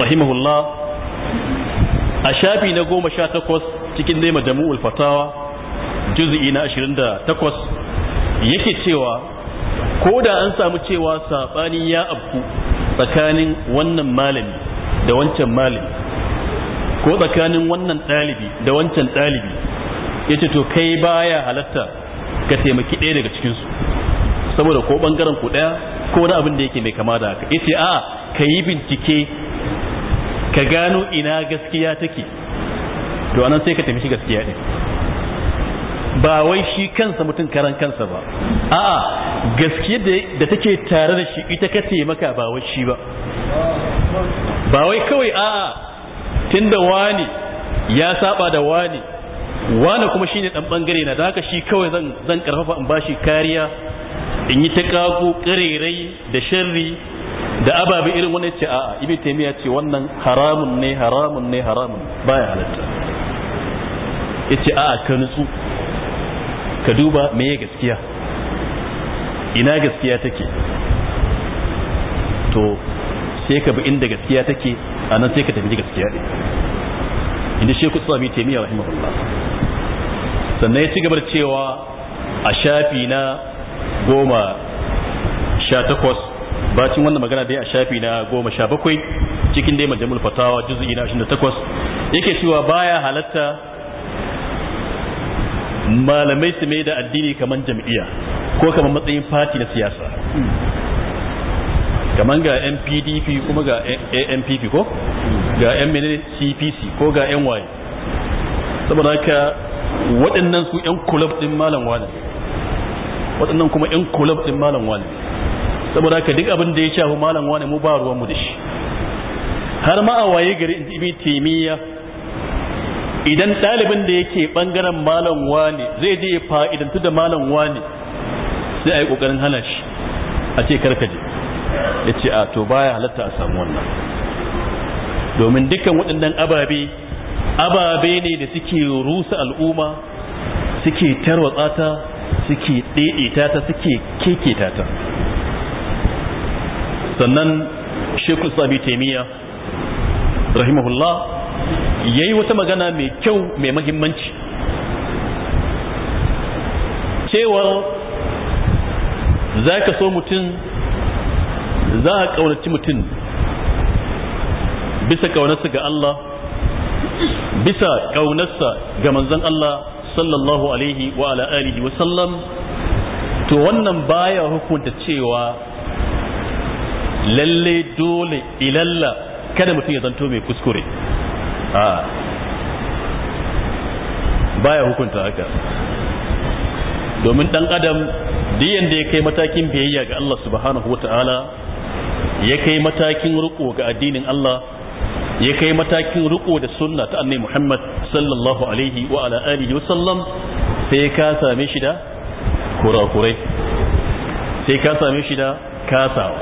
rahimahullah a shafi na goma sha takwas cikin dai majamu'ul Ulfatawa, juzi'i na ashirin da takwas yake cewa ko da an samu cewa saɓani ya abu tsakanin wannan malami da wancan malami ko tsakanin wannan ɗalibi da wancan ɗalibi ya ce to kai baya halatta ka taimaki ɗaya daga cikinsu saboda ko bangaren ku daya ko wani abin da yake mai kama da haka yace a ka yi bincike ka gano ina gaskiya take to anan sai ka tafi shi gaskiya din ba wai shi kansa mutum karan kansa ba a'a gaskiya da take tare da shi ita ka taimaka ba wai shi ba ba wai kawai a'a tunda wani ya saba da wani wani kuma shine dan bangare na da haka shi kawai zan zan karfafa in bashi kariya in yi ta kago ƙarerai da sharri da ababe irin wani ce a'a ibi taimiyya ce wannan haramun ne haramun ne haramun baya halatta ya ce a'a ka nutsu ka duba ya gaskiya ina gaskiya take to sai ka bi inda gaskiya take a nan sai ka tafi gaskiya ne inda sheku sami taimiyya rahimahullah sannan ya ci gabar cewa a shafi na goma sha takwas bacin wannan magana dai a shafi na goma sha bakwai cikin dai majamul fatawa juzu'i na ashirin da takwas yake cewa baya halatta malamai su mai da addini kamar jam'iyya ko kamar matsayin fati na siyasa kamar ga yan pdp kuma ga ampp ko ga mncpc cpc ko ga ny saboda haka waɗannan su yan kulab ɗin malam wani waɗannan kuma yan kulab ɗin malam wani saboda ka duk abin da ya shafi malam wani mu ba ruwanmu da shi har ma a waye gari in ibi taimiyya idan ɗalibin da yake ɓangaren malam wani zai je fa'idantu da malam wani sai a yi ƙoƙarin hana shi a ce karkaje ya ce a to baya halatta a samu wannan domin dukkan waɗannan ababe ababe ne da suke rusa al'umma suke tarwatsa ta suke ɗeɗeta ta suke keketa ta sannan sheku sabi taimiyya rahimahullah ya yi wata magana mai kyau mai mahimmanci cewar za ka so mutum za a ƙaunaci mutum bisa ƙaunarsa ga Allah bisa ƙaunarsa ga manzon Allah sallallahu alaihi wa ala alihi wa sallam to wannan baya hukunta cewa lalle dole ilalla kada mutum ya zanto mai kuskure a baya hukunta haka domin dan adam diyan yanda ya kai matakin biyayya ga Allah subhanahu wa ya kai matakin riko ga addinin Allah ya kai matakin riko da sunna ta annabi Muhammad sallallahu alaihi wa ala alihi wa sallam sai ka same shi da kurakurai sai ka same shi da kasawa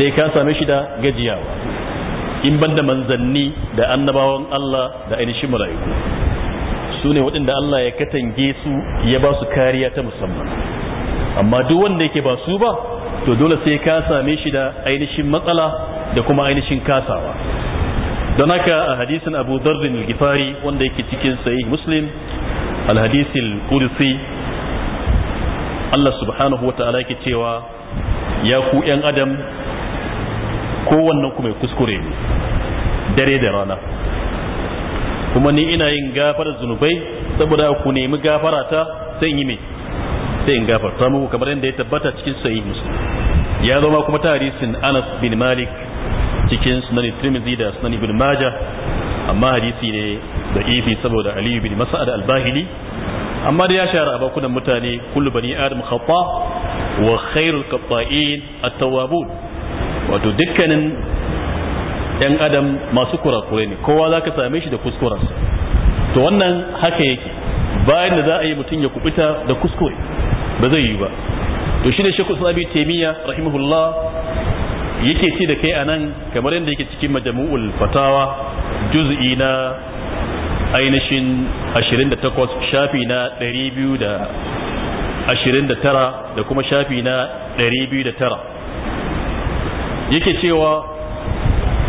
sai ka same shi da gajiyawa in banda manzanni da annabawan Allah da ainihin mala'iku su ne waɗanda Allah ya katange su ya ba su kariya ta musamman amma duk wanda yake ba su ba to dole sai ka same shi da ainihin matsala da kuma ainihin kasawa don haka a hadisin abu darbin gifari wanda yake cikin sayi muslim al-hadisi Allah subhanahu wa ta'ala yake cewa ya ku yan adam kowannen ku mai kuskure ne dare da rana kuma ni ina yin gafarar zunubai saboda ku nemi gafara ta sai yi mai sai in gafarta muku kamar yadda ya tabbata cikin sayi muslim ya zama kuma ta hadisin Anas bin Malik cikin sunani tirmidhi da sunani ibn majah amma hadisi ne da ifi saboda ali ibn Masa'ad al-bahili amma da ya shahara a bakunan mutane kullu bani adam khata wa khairul qatta'in at-tawwabun wato dukkanin yan adam masu kurakure ne kowa zaka same shi da kuskura to wannan haka yake bayan da za a yi mutum ya kubuta da kuskure ba zai yi ba to shine shekul sabi taimiyya rahimahullah yake ci da kai a nan kamar yadda yake cikin majamu'ul fatawa juz'i na ainihin 28 shafi na 229 da kuma shafi na 209 yake cewa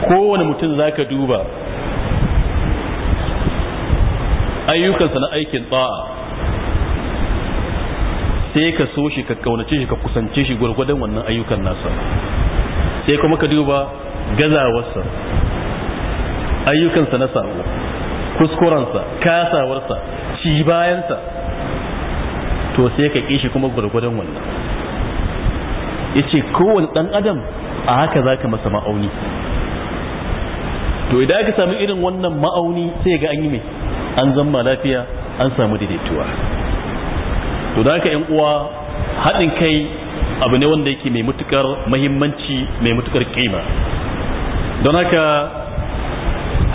kowane mutum zaka duba ayyukansa na aikin tsa'a sai ka so shi ka kaunace shi ka kusance shi gwargwadon wannan ayyukan nasa sai kuma ka duba gazawarsa ayyukansa na sabo kuskurensa kasawarsa ci bayansa to sai ka kishi kuma gwargwadon wannan ya ce kowane ɗan adam a haka za ka masa ma'auni to idan aka sami irin wannan ma'auni sai ga an yi mai an zama lafiya an samu daidaituwa to da haka 'yan uwa haɗin kai abu ne wanda yake mai mutukar mahimmanci mai mutukar kima don haka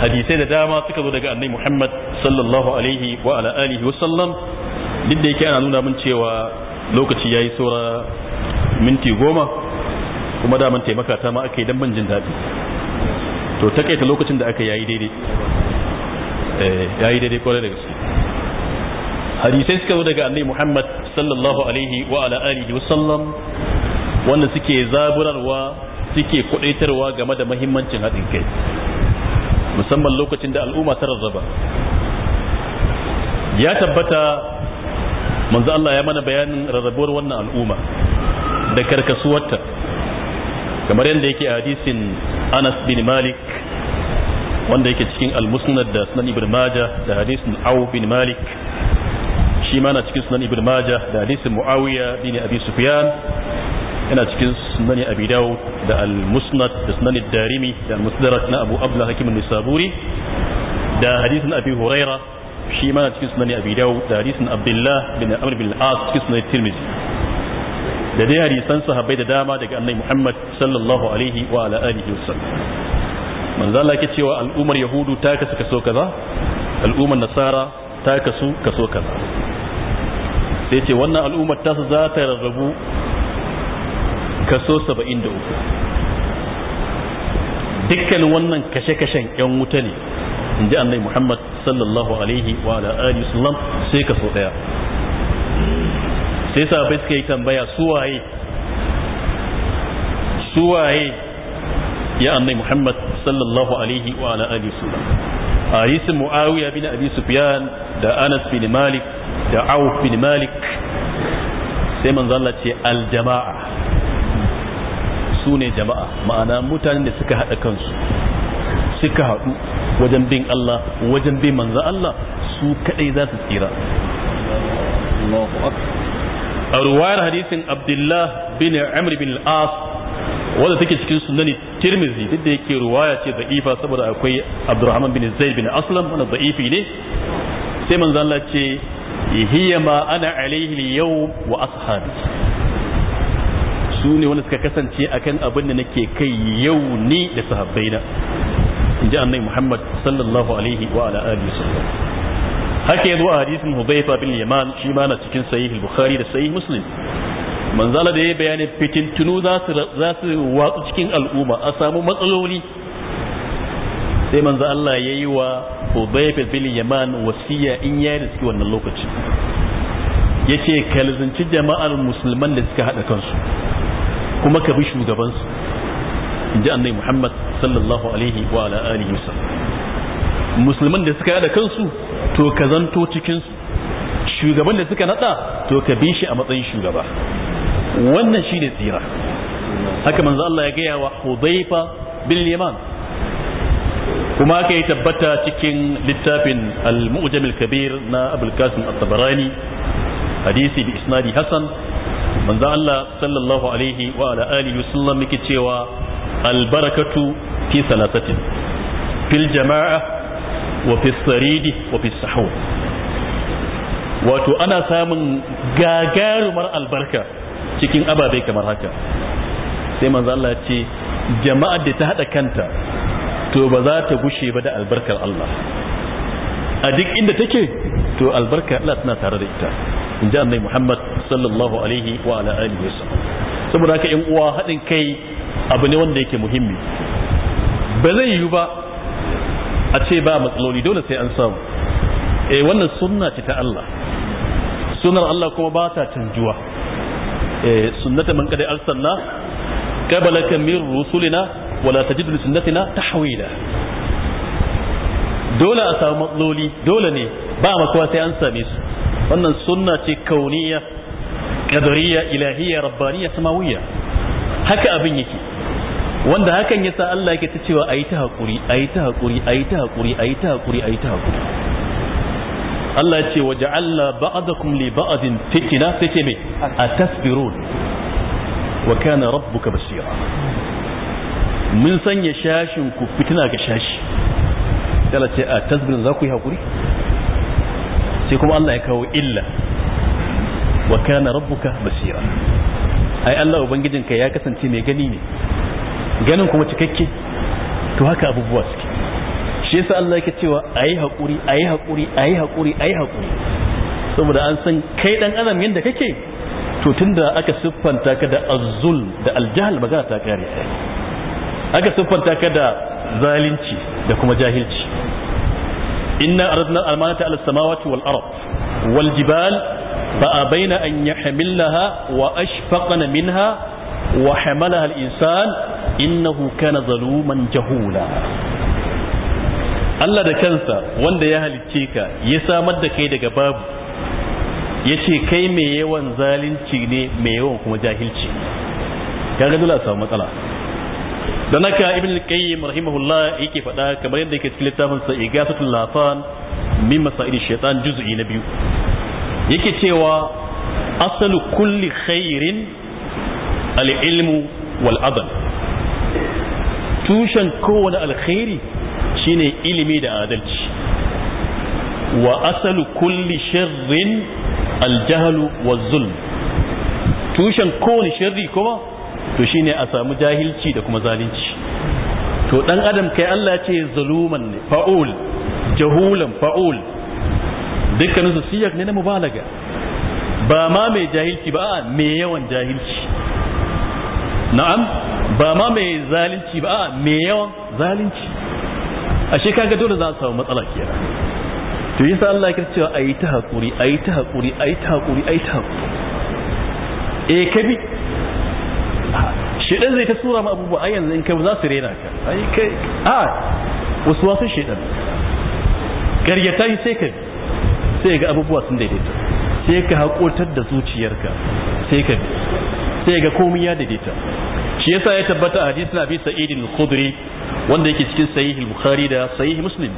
hadisai da dama suka zo daga annai Muhammad sallallahu alaihi wa ala alihi wa sallam duk da yake ana nuna min cewa lokaci ya yi saura minti goma kuma daman taimaka ta ma aka yi dan jin daɗi to takaita lokacin da aka yayi daidai eh, yayi daidai kwarai da gaske hadisai suka zo daga annai Muhammad sallallahu alaihi wa ala alihi wa sallam wanda suke zaburarwa suke kudaitarwa game da mahimmancin haɗin kai musamman lokacin da al'umma ta rarraba ya tabbata manzo Allah ya mana bayanin rarrabuwar wannan al'umma da karkasuwarta kamar yadda yake hadisin Anas bin Malik wanda yake cikin al-Musnad da Sunan Ibn Majah da hadisin Aw bin Malik shi ma na cikin sunan ibn majah da hadisin muawiya bin abi sufyan yana cikin sunan abi dawud da al-musnad da sunan darimi da al-musdarat na abu abdullah hakim nisaburi da hadisin abi huraira shi ma na cikin sunan abi dawud da hadisin abdullah bin amr bin al-as cikin sunan tirmidhi da dai hadisan sahabbai da dama daga annabi muhammad sallallahu alaihi wa ala alihi wasallam manzo Allah yake cewa al'ummar yahudu ta kasa kaso kaza al'ummar nasara ta kasu kaso kaza sai ce wannan al'ummar tasu za ta rarrabu kaso saba'in da uku dukkan wannan kashe-kashen 'yan wuta ne in ji annai muhammad sallallahu alaihi wa ala'ari sallam sai kaso daya sai sahabai suka yi tambaya suwaye suwaye ya annai muhammad sallallahu alaihi wa ala'ari sallam a harisun mu'awiyar bin abi sufyan da anas bin malik da auf bin malik sai manzo Allah ce al jama'a su ne jama'a ma'ana mutanen da suka hada kansu suka haɗu wajen bin Allah wajen bin manzo Allah su kadai za su tsira a ruwayar hadisin abdullah bin amr bin al-as wanda take cikin sunani tirmizi duk da yake ruwaya ce da'ifa saboda akwai abdurrahman bin zaid bin aslam wanda da'ifi ne sai manzo Allah ce hiya ma ana alaihi yau wa ashabi su ne wanda suka kasance akan abin da nake kai yau ni da sahabbaina in ji annabi Muhammad sallallahu alaihi wa ala alihi sallam haka yazo a hadisin Hudhayfa bin Yaman shi ma na cikin sahih al-Bukhari da sahih Muslim manzala da ya bayanin fitin tunu za su watsu cikin al'umma a samu matsaloli sai manzo Allah ya yi wa hudayf bin yaman wasiya in ya riski wannan lokaci yace kalzinci jama'ar musulman da suka hada kansu kuma ka bi shugabansu. su inji annabi Muhammad sallallahu alaihi wa ala alihi musulman da suka hada kansu to ka zanto cikinsu. shugaban da suka naɗa to ka bi shi a matsayin shugaba wannan shi ne tsira haka manzo Allah ya gaya wa Hudayfa bin Yaman kuma aka yi tabbata cikin littafin al-mu'jamil kabir na abul qasim at-tabarani hadisi bi isnadi hasan manzo Allah sallallahu alaihi wa ala alihi wasallam yake cewa al-barakatu fi salasatin fil jama'a wa fi saridi wa fi sahur wato ana samun gagarumar albarka cikin ababai kamar haka sai manzo Allah ya ce jama'ar da ta hada kanta to ba za ta gushe ba da albarkar Allah a duk inda take to albarkar Allah tana tare da ita in ji annai Muhammad sallallahu alaihi wa ala alihi wa saboda haka yan uwa haɗin kai abu ne wanda yake muhimmi ba zai yiwu ba a ce ba matsaloli dole sai an samu eh wannan sunna ce ta Allah sunnar Allah kuma ba ta canjuwa eh sunnata man kada arsalna qabalaka min rusulina wala tajidu li sunnatina tahwila dole a samu matsaloli dole ne ba makawa sai an same su wannan sunna ce kauniya qadariyya ilahiyya rabbaniyya samawiyya haka abin yake wanda hakan yasa Allah yake ta cewa ayi ta hakuri ayi ta hakuri ayi ta hakuri ayi ta hakuri ayi ta hakuri Allah ce wa ja'alna ba'dakum li ba'din fitna sai ce me atasbirun wa kana rabbuka basira mun sanya shashin ku fitina ga shashi tala ce a tasbirin za ku yi haƙuri sai kuma Allah ya kawo illa wa kana rabbuka basira ai Allah ubangijinka ya kasance mai gani ne ganin kuma cikakke to haka abubuwa suke shi yasa Allah yake cewa ayi haƙuri ayi haƙuri ayi haƙuri ayi haƙuri saboda an san kai dan adam yanda kake to tunda aka siffanta ka da azzul da aljahal magana ta kare sai. aka siffanta ka da zalunci da kuma jahilci inna aradna almanata ala samawati wal ard wal jibal fa abaina an yahmilaha wa ashfaqna minha wa hamalaha al insan innahu kana zaluman jahula Allah da kansa wanda ya halicce ka ya samar da kai daga babu ya ce kai mai yawan zalunci ne mai yawan kuma jahilci kaga dole a samu matsala da naka ibn al-qayyim rahimahullah yake faɗa kamar yadda yake cikin littafin sa igasatul lafan min masail shaitan juz'i na biyu yake cewa asalu kulli khairin al-ilmu wal adl tushen kowane alkhairi shine ilimi da adalci wa asalu kulli sharrin al-jahlu zulm tushen kowane sharri kuma to shine a samu jahilci da kuma zalunci to dan adam kai Allah ce zaluman ne fa'ul jahulan fa'ul dukkanin su siyak ne na mubalaga ba ma mai jahilci ba mai yawan jahilci na'am ba ma mai zalunci ba mai yawan zalunci shi kaga dole za a samu matsala kenan to yasa Allah ya cewa ayi ta hakuri ayi ta hakuri ayi ta hakuri ayi ta hakuri eh kabi shedan zai ta tura ma abubuwa ai yanzu in kai za su rena ka ai kai a wasu wasu shedan garyata sai ka sai ga abubuwa sun daidaita sai ka haƙotar da zuciyarka sai ka sai ga komai ya daidaita shi yasa ya tabbata a hadisin Abi sa'idin khudri wanda yake cikin sahih al-Bukhari da sahih Muslim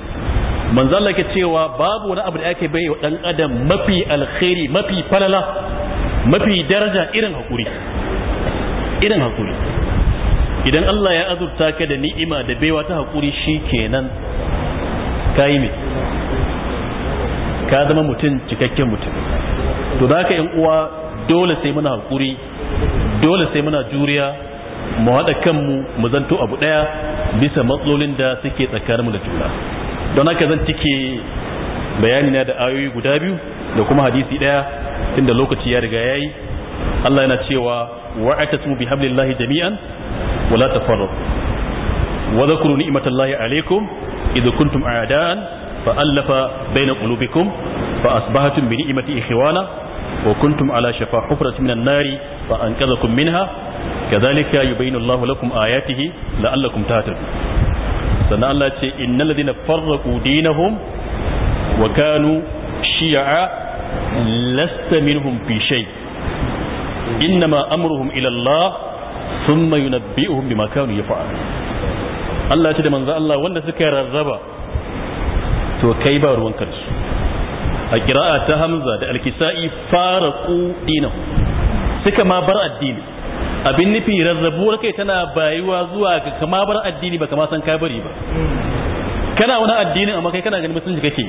manzo Allah ke cewa babu wani abu da yake bai wa dan adam mafi alkhairi mafi falala mafi daraja irin hakuri idan hakuri idan Allah ya azurta ka da ni'ima da baiwa ta hakuri ka yi me ka zama mutum cikakken mutum to da ka yan uwa dole sai muna hakuri dole sai muna juriya mu haɗa kanmu mu zanto abu ɗaya bisa matsalolin da suke tsakaninmu da juna don haka zan cike bayani na da ayoyi guda biyu da kuma hadisi ɗaya tunda lokaci ya riga yayi Allah yana cewa wa'atasimu bihablillahi jami'an wala tafarraqu wa dhkuru ni'matallahi alaykum idh kuntum a'daan fa'alafa bayna qulubikum fa asbahatum bi ni'mati ikhwana wa kuntum ala shafa hufratin minan nari fa anqadhakum minha kadhalika yubayyinu Allahu lakum ayatihi la'allakum tahtadun sannan Allah ce innal ladina farraqu dinahum wa kanu shi'a lasta minhum fi shay' innama amruhum ila Allah thumma yunabbi'uhum bima kanu yaf'al Allah ce da manzo Allah wanda suka rarraba to kai ba ruwan kansu a kira'a ta Hamza da Al-Kisa'i faraqu dinahu suka ma bar addini abin nufi rarrabuwar kai tana bayuwa zuwa ga kama bar addini ba kama san ka bari ba kana wani addinin amma kai kana ganin musulunci kake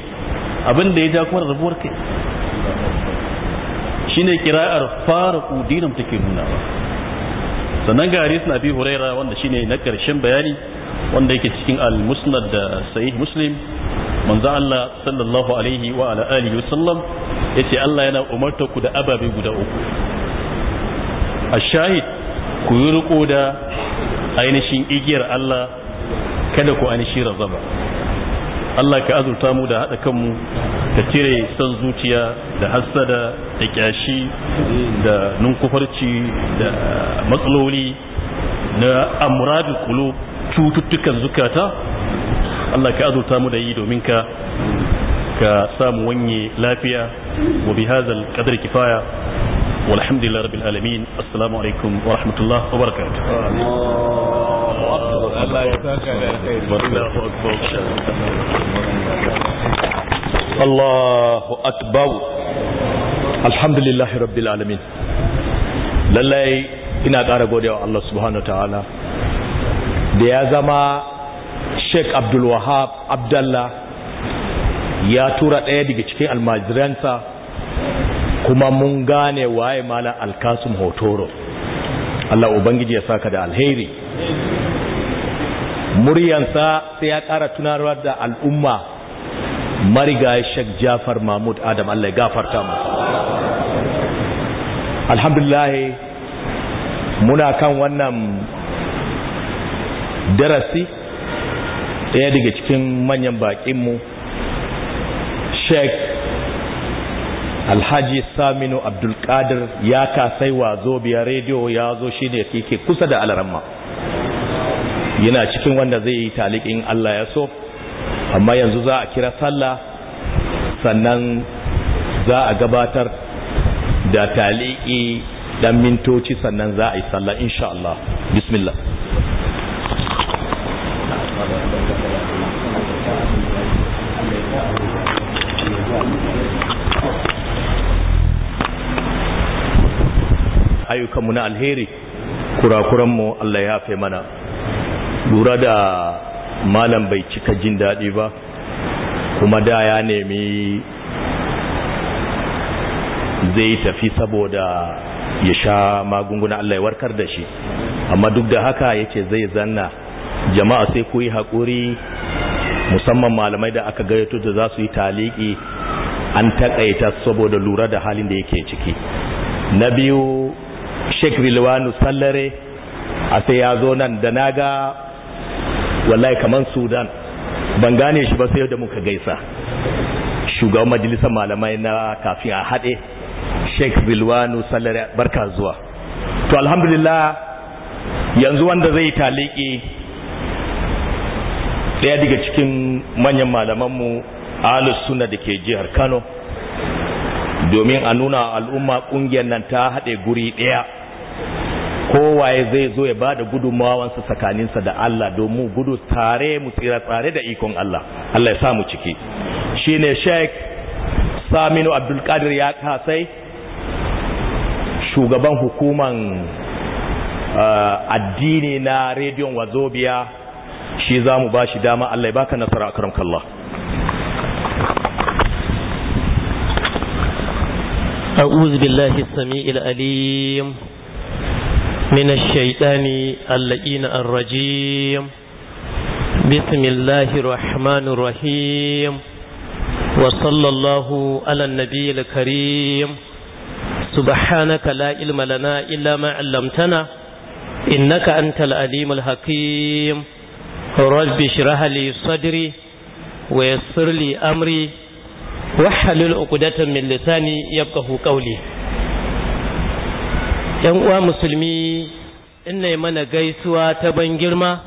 abin da ya ja kuma rarrabuwar kai shine kira'ar faraqu dinam take nuna ba sannan ga hadisin abi huraira wanda shine na karshen bayani wanda yake cikin al-musnad da sahih muslim manzo Allah sallallahu alaihi wa ala alihi wa sallam yace Allah yana umarta ku da ababe guda uku ashahid shahid ku yi riko da ainihin igiyar Allah kada ku ainihin razaba Allah ka azurta mu da haɗa kanmu ka cire son zuciya da hassada da kyashi da nunkufarci da matsaloli na amuradu kulu cututtukan zukata Allah ka azurta mu da yi domin ka ka samu wanye lafiya wa bi hazal qadar kifaya walhamdulillahi rabbil alamin assalamu alaikum wa rahmatullahi wa barakatuh Allah Allahu akbar Allahu akbar alhamdulillahi rabbil alamin lallai ina ƙara wa Allah subhanahu ta'ala da ya zama Sheikh Abdul Wahab Abdallah ya tura ɗaya daga cikin almajiransa kuma mun gane waye malam Alkasum Hotoro Allah ubangiji ya saka da alheri muryansa sai ya ƙara tunarwa da al'umma mariga shek jafar mahmud adam allai gafarta masa alhamdulillah muna kan wannan darasi ɗaya daga cikin manyan baƙinmu shek alhaji saminu abdulkadir ya kasai wa zobiya rediyo ya zo shi ne kusa da alaramma yana cikin wanda zai yi talikin Allah ya so amma yanzu za a kira sallah sannan za a gabatar da taliki dan mintoci sannan za a yi sallah insha Allah bismillah ayyukanmu na alheri kurakuranmu Allah ya hafe mana lura da malam bai cika jin daɗi ba kuma da ya nemi zai tafi saboda ya sha magunguna Allah ya warkar da shi amma duk da haka ya ce zai zanna jama'a sai ku yi haƙuri musamman malamai da aka gayyato da za su yi taliki an taƙaita saboda lura da halin da yake ciki na biyu sheik sallare a sai ya zo nan da naga wallahi kamar sudan ban gane shi ba sai da muka gaisa shugaban majalisar malamai na kafin a haɗe sheikh bilwanu salari barka zuwa to alhamdulillah yanzu wanda zai taliki daya daga cikin manyan malamanmu ahalus suna da ke jihar kano domin a nuna al'umma ƙungiyar nan ta haɗe guri ɗaya kowaye zai zo ya ba da wansu tsakaninsa da Allah domin gudu tare mu tsira tsare da ikon Allah Allah ya samu ciki shi ne sheik saminu abdulkadir ya kasai shugaban hukuman uh, addini na rediyon wazobiya shi za mu ba shi dama Allah ya baka nasara a karamkallah أعوذ بالله السميع العليم من الشيطان اللئين الرجيم بسم الله الرحمن الرحيم وصلى الله على النبي الكريم سبحانك لا علم لنا إلا ما علمتنا إنك أنت الأليم الحكيم رب اشرح لي صدري ويسر لي أمري وحلل عقدة من لساني يفقه قولي yan uwa musulmi ina mana gaisuwa ta ban girma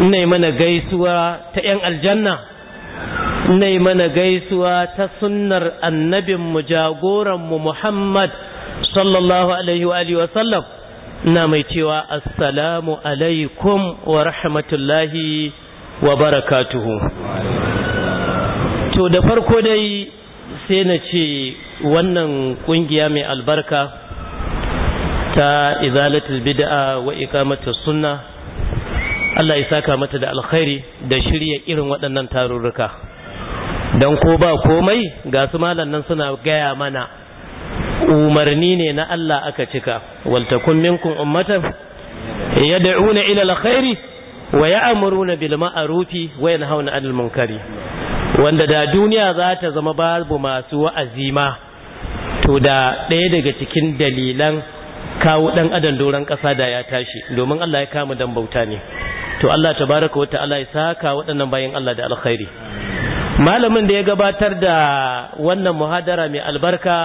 ina mana gaisuwa ta yan aljanna ina mana gaisuwa ta sunnar annabin mu jagoran mu Muhammad sallallahu alaihi wa alihi wa sallam ina mai cewa assalamu alaikum wa rahmatullahi wa barakatuhu to da farko dai sai na ce wannan kungiya mai albarka ta izalatul bid'a wa iqamatus sunna Allah ya saka mata da alkhairi da shirya irin waɗannan tarurruka don ko ba komai ga su malan suna gaya mana umarni ne na Allah aka cika waltakun minkum ummatan yad'una ila alkhairi wa ya'muruna bil ma'rufi wa yanhauna 'anil munkari wanda da duniya za ta zama babu masu wa'azima to da ɗaya daga cikin dalilan kawo dan adam doron ƙasa da ya tashi domin Allah ya kama dan bauta ne to Allah tabaraka wa ta'ala ya saka waɗannan bayan Allah da alkhairi malamin da ya gabatar da wannan muhadara mai albarka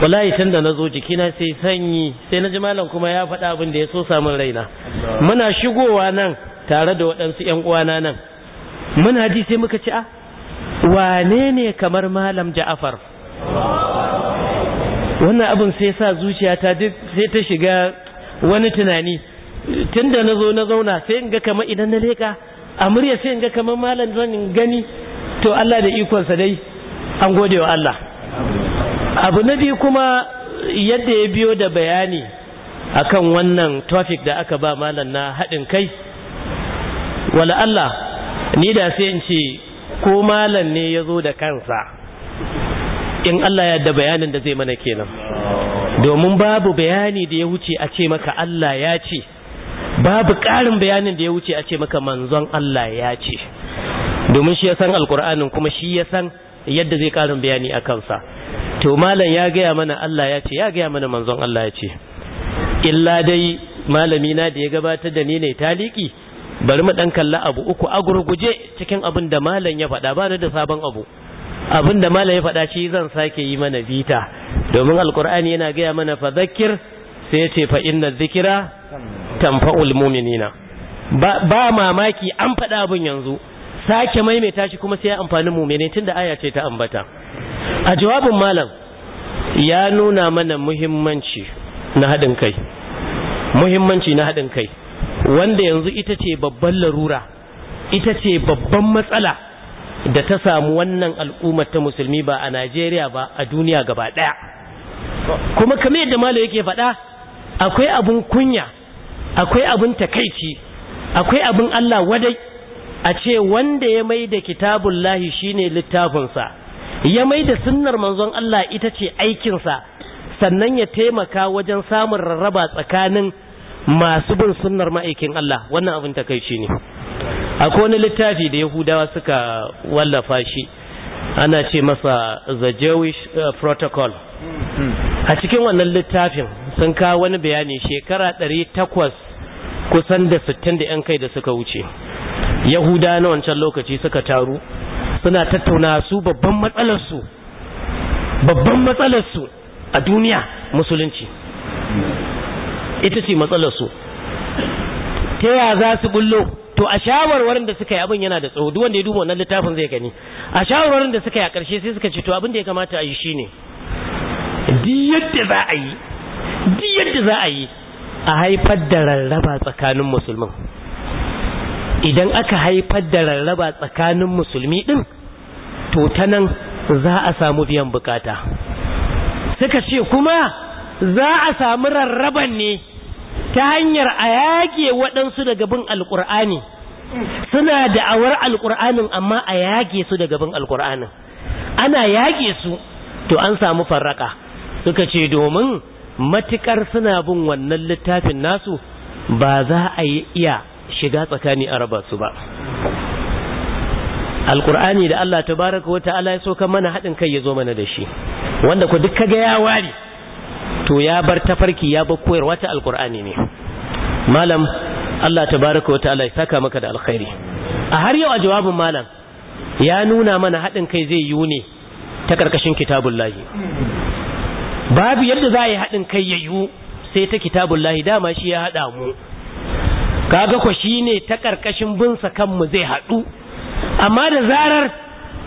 wallahi tunda na zo jikina sai sanyi sai na ji malam kuma ya faɗa abin da ya so samun raina muna shigowa nan tare da waɗansu ƴan uwana nan muna ji sai muka ci a ah, wane ne kamar malam jafar wannan abin sai sa zuciyata duk sai ta shiga wani tunani Tunda na zo na zauna sai in ga kamar idan na leka a murya sai in ga kamar malam zan gani to Allah da ikonsa dai an gode wa Allah abu na biyu kuma yadda ya biyo da bayani akan wannan topic da aka ba malam na haɗin kai wala Allah ni da sai in ce ko malam ne ya zo da kansa in Allah ya da bayanin da zai mana kenan domin babu bayani da ya wuce a ce maka Allah ya ce babu ƙarin bayanin da ya wuce a ce maka manzon Allah ya ce domin shi ya san alkur'anin kuma shi ya san yadda zai ƙarin bayani a kansa to malam ya gaya mana Allah ya ce ya gaya mana manzon Allah ya ce illa dai malamina da ya gabatar da ni ne taliki bari mu dan kalla abu uku a gurguje cikin abin da malam ya faɗa ba da sabon abu abin da malam ya faɗa shi zan sake yi mana bita domin alkur'ani yana gaya mana fa zakir sai ya ce fa inna zikira tanfa'ul mu'minina ba, mamaki an faɗa abin yanzu sake maimaita shi kuma sai ya amfani mu'mini tunda aya ce ta ambata a jawabin malam ya nuna mana muhimmanci na haɗin kai muhimmanci na haɗin kai wanda yanzu ita ce babban larura ita ce babban matsala da ta samu wannan al'ummar ta musulmi ba a Najeriya ba a duniya gaba ɗaya kuma kamar yadda malo yake faɗa akwai abin kunya akwai abin takaici akwai abin Allah wadai a ce wanda ya mai da kitabun lahi ne littafinsa ya mai da sunnar manzon Allah ita ce aikinsa sannan ya taimaka wajen samun rarraba tsakanin masu bin sunnar ma'aikin Allah wannan abin takaici ne akwai wani littafi da yahudawa suka wallafa shi ana ce masa the jewish uh, protocol a cikin wannan littafin sun kawo wani bayani shekara ɗari takwas kusan da sittin da 'yan kai da suka wuce yahuda na wancan lokaci suka taru suna tattauna su babban matsalarsu babban matsalarsu a duniya musulunci ita ce matsalarsu ta yaya za su bullo to a shawarwarin da suka yi abin yana da tsawo duk wanda ya duba wannan littafin zai gani a shawarwarin da suka yi a ƙarshe sai suka ce to abin da ya kamata a yi shine duk yadda za a yi duk yadda za a yi a haifar da rarraba tsakanin musulmin idan aka haifar da rarraba tsakanin musulmi din to ta nan za a samu biyan bukata suka ce kuma za a samu rarraban ne ta hanyar a yage waɗansu daga bin alƙur'ani suna da'awar alƙur'anin amma a yage su daga bin alƙur'anin ana yage su to an samu farraka suka ce domin matukar suna bin wannan littafin nasu ba za a iya shiga tsakani a raba su ba alƙur'ani da Allah tabaraka wa ta'ala ya so kan mana haɗin kai ya zo mana da shi wanda ku duk kaga ya ware to ya bar tafarki ya bar koyarwa ta alkur'ani ne malam Allah tabaraka wataala ya saka maka da alkhairi a har yau a jawabin malam ya nuna mana haɗin kai zai yiwu ne ta karkashin kitabullahi babu yadda za a yi haɗin kai ya yiwu sai ta kitabullahi dama shi ya haɗa mu kaga ko shine ta karkashin binsa kanmu zai haɗu amma da zarar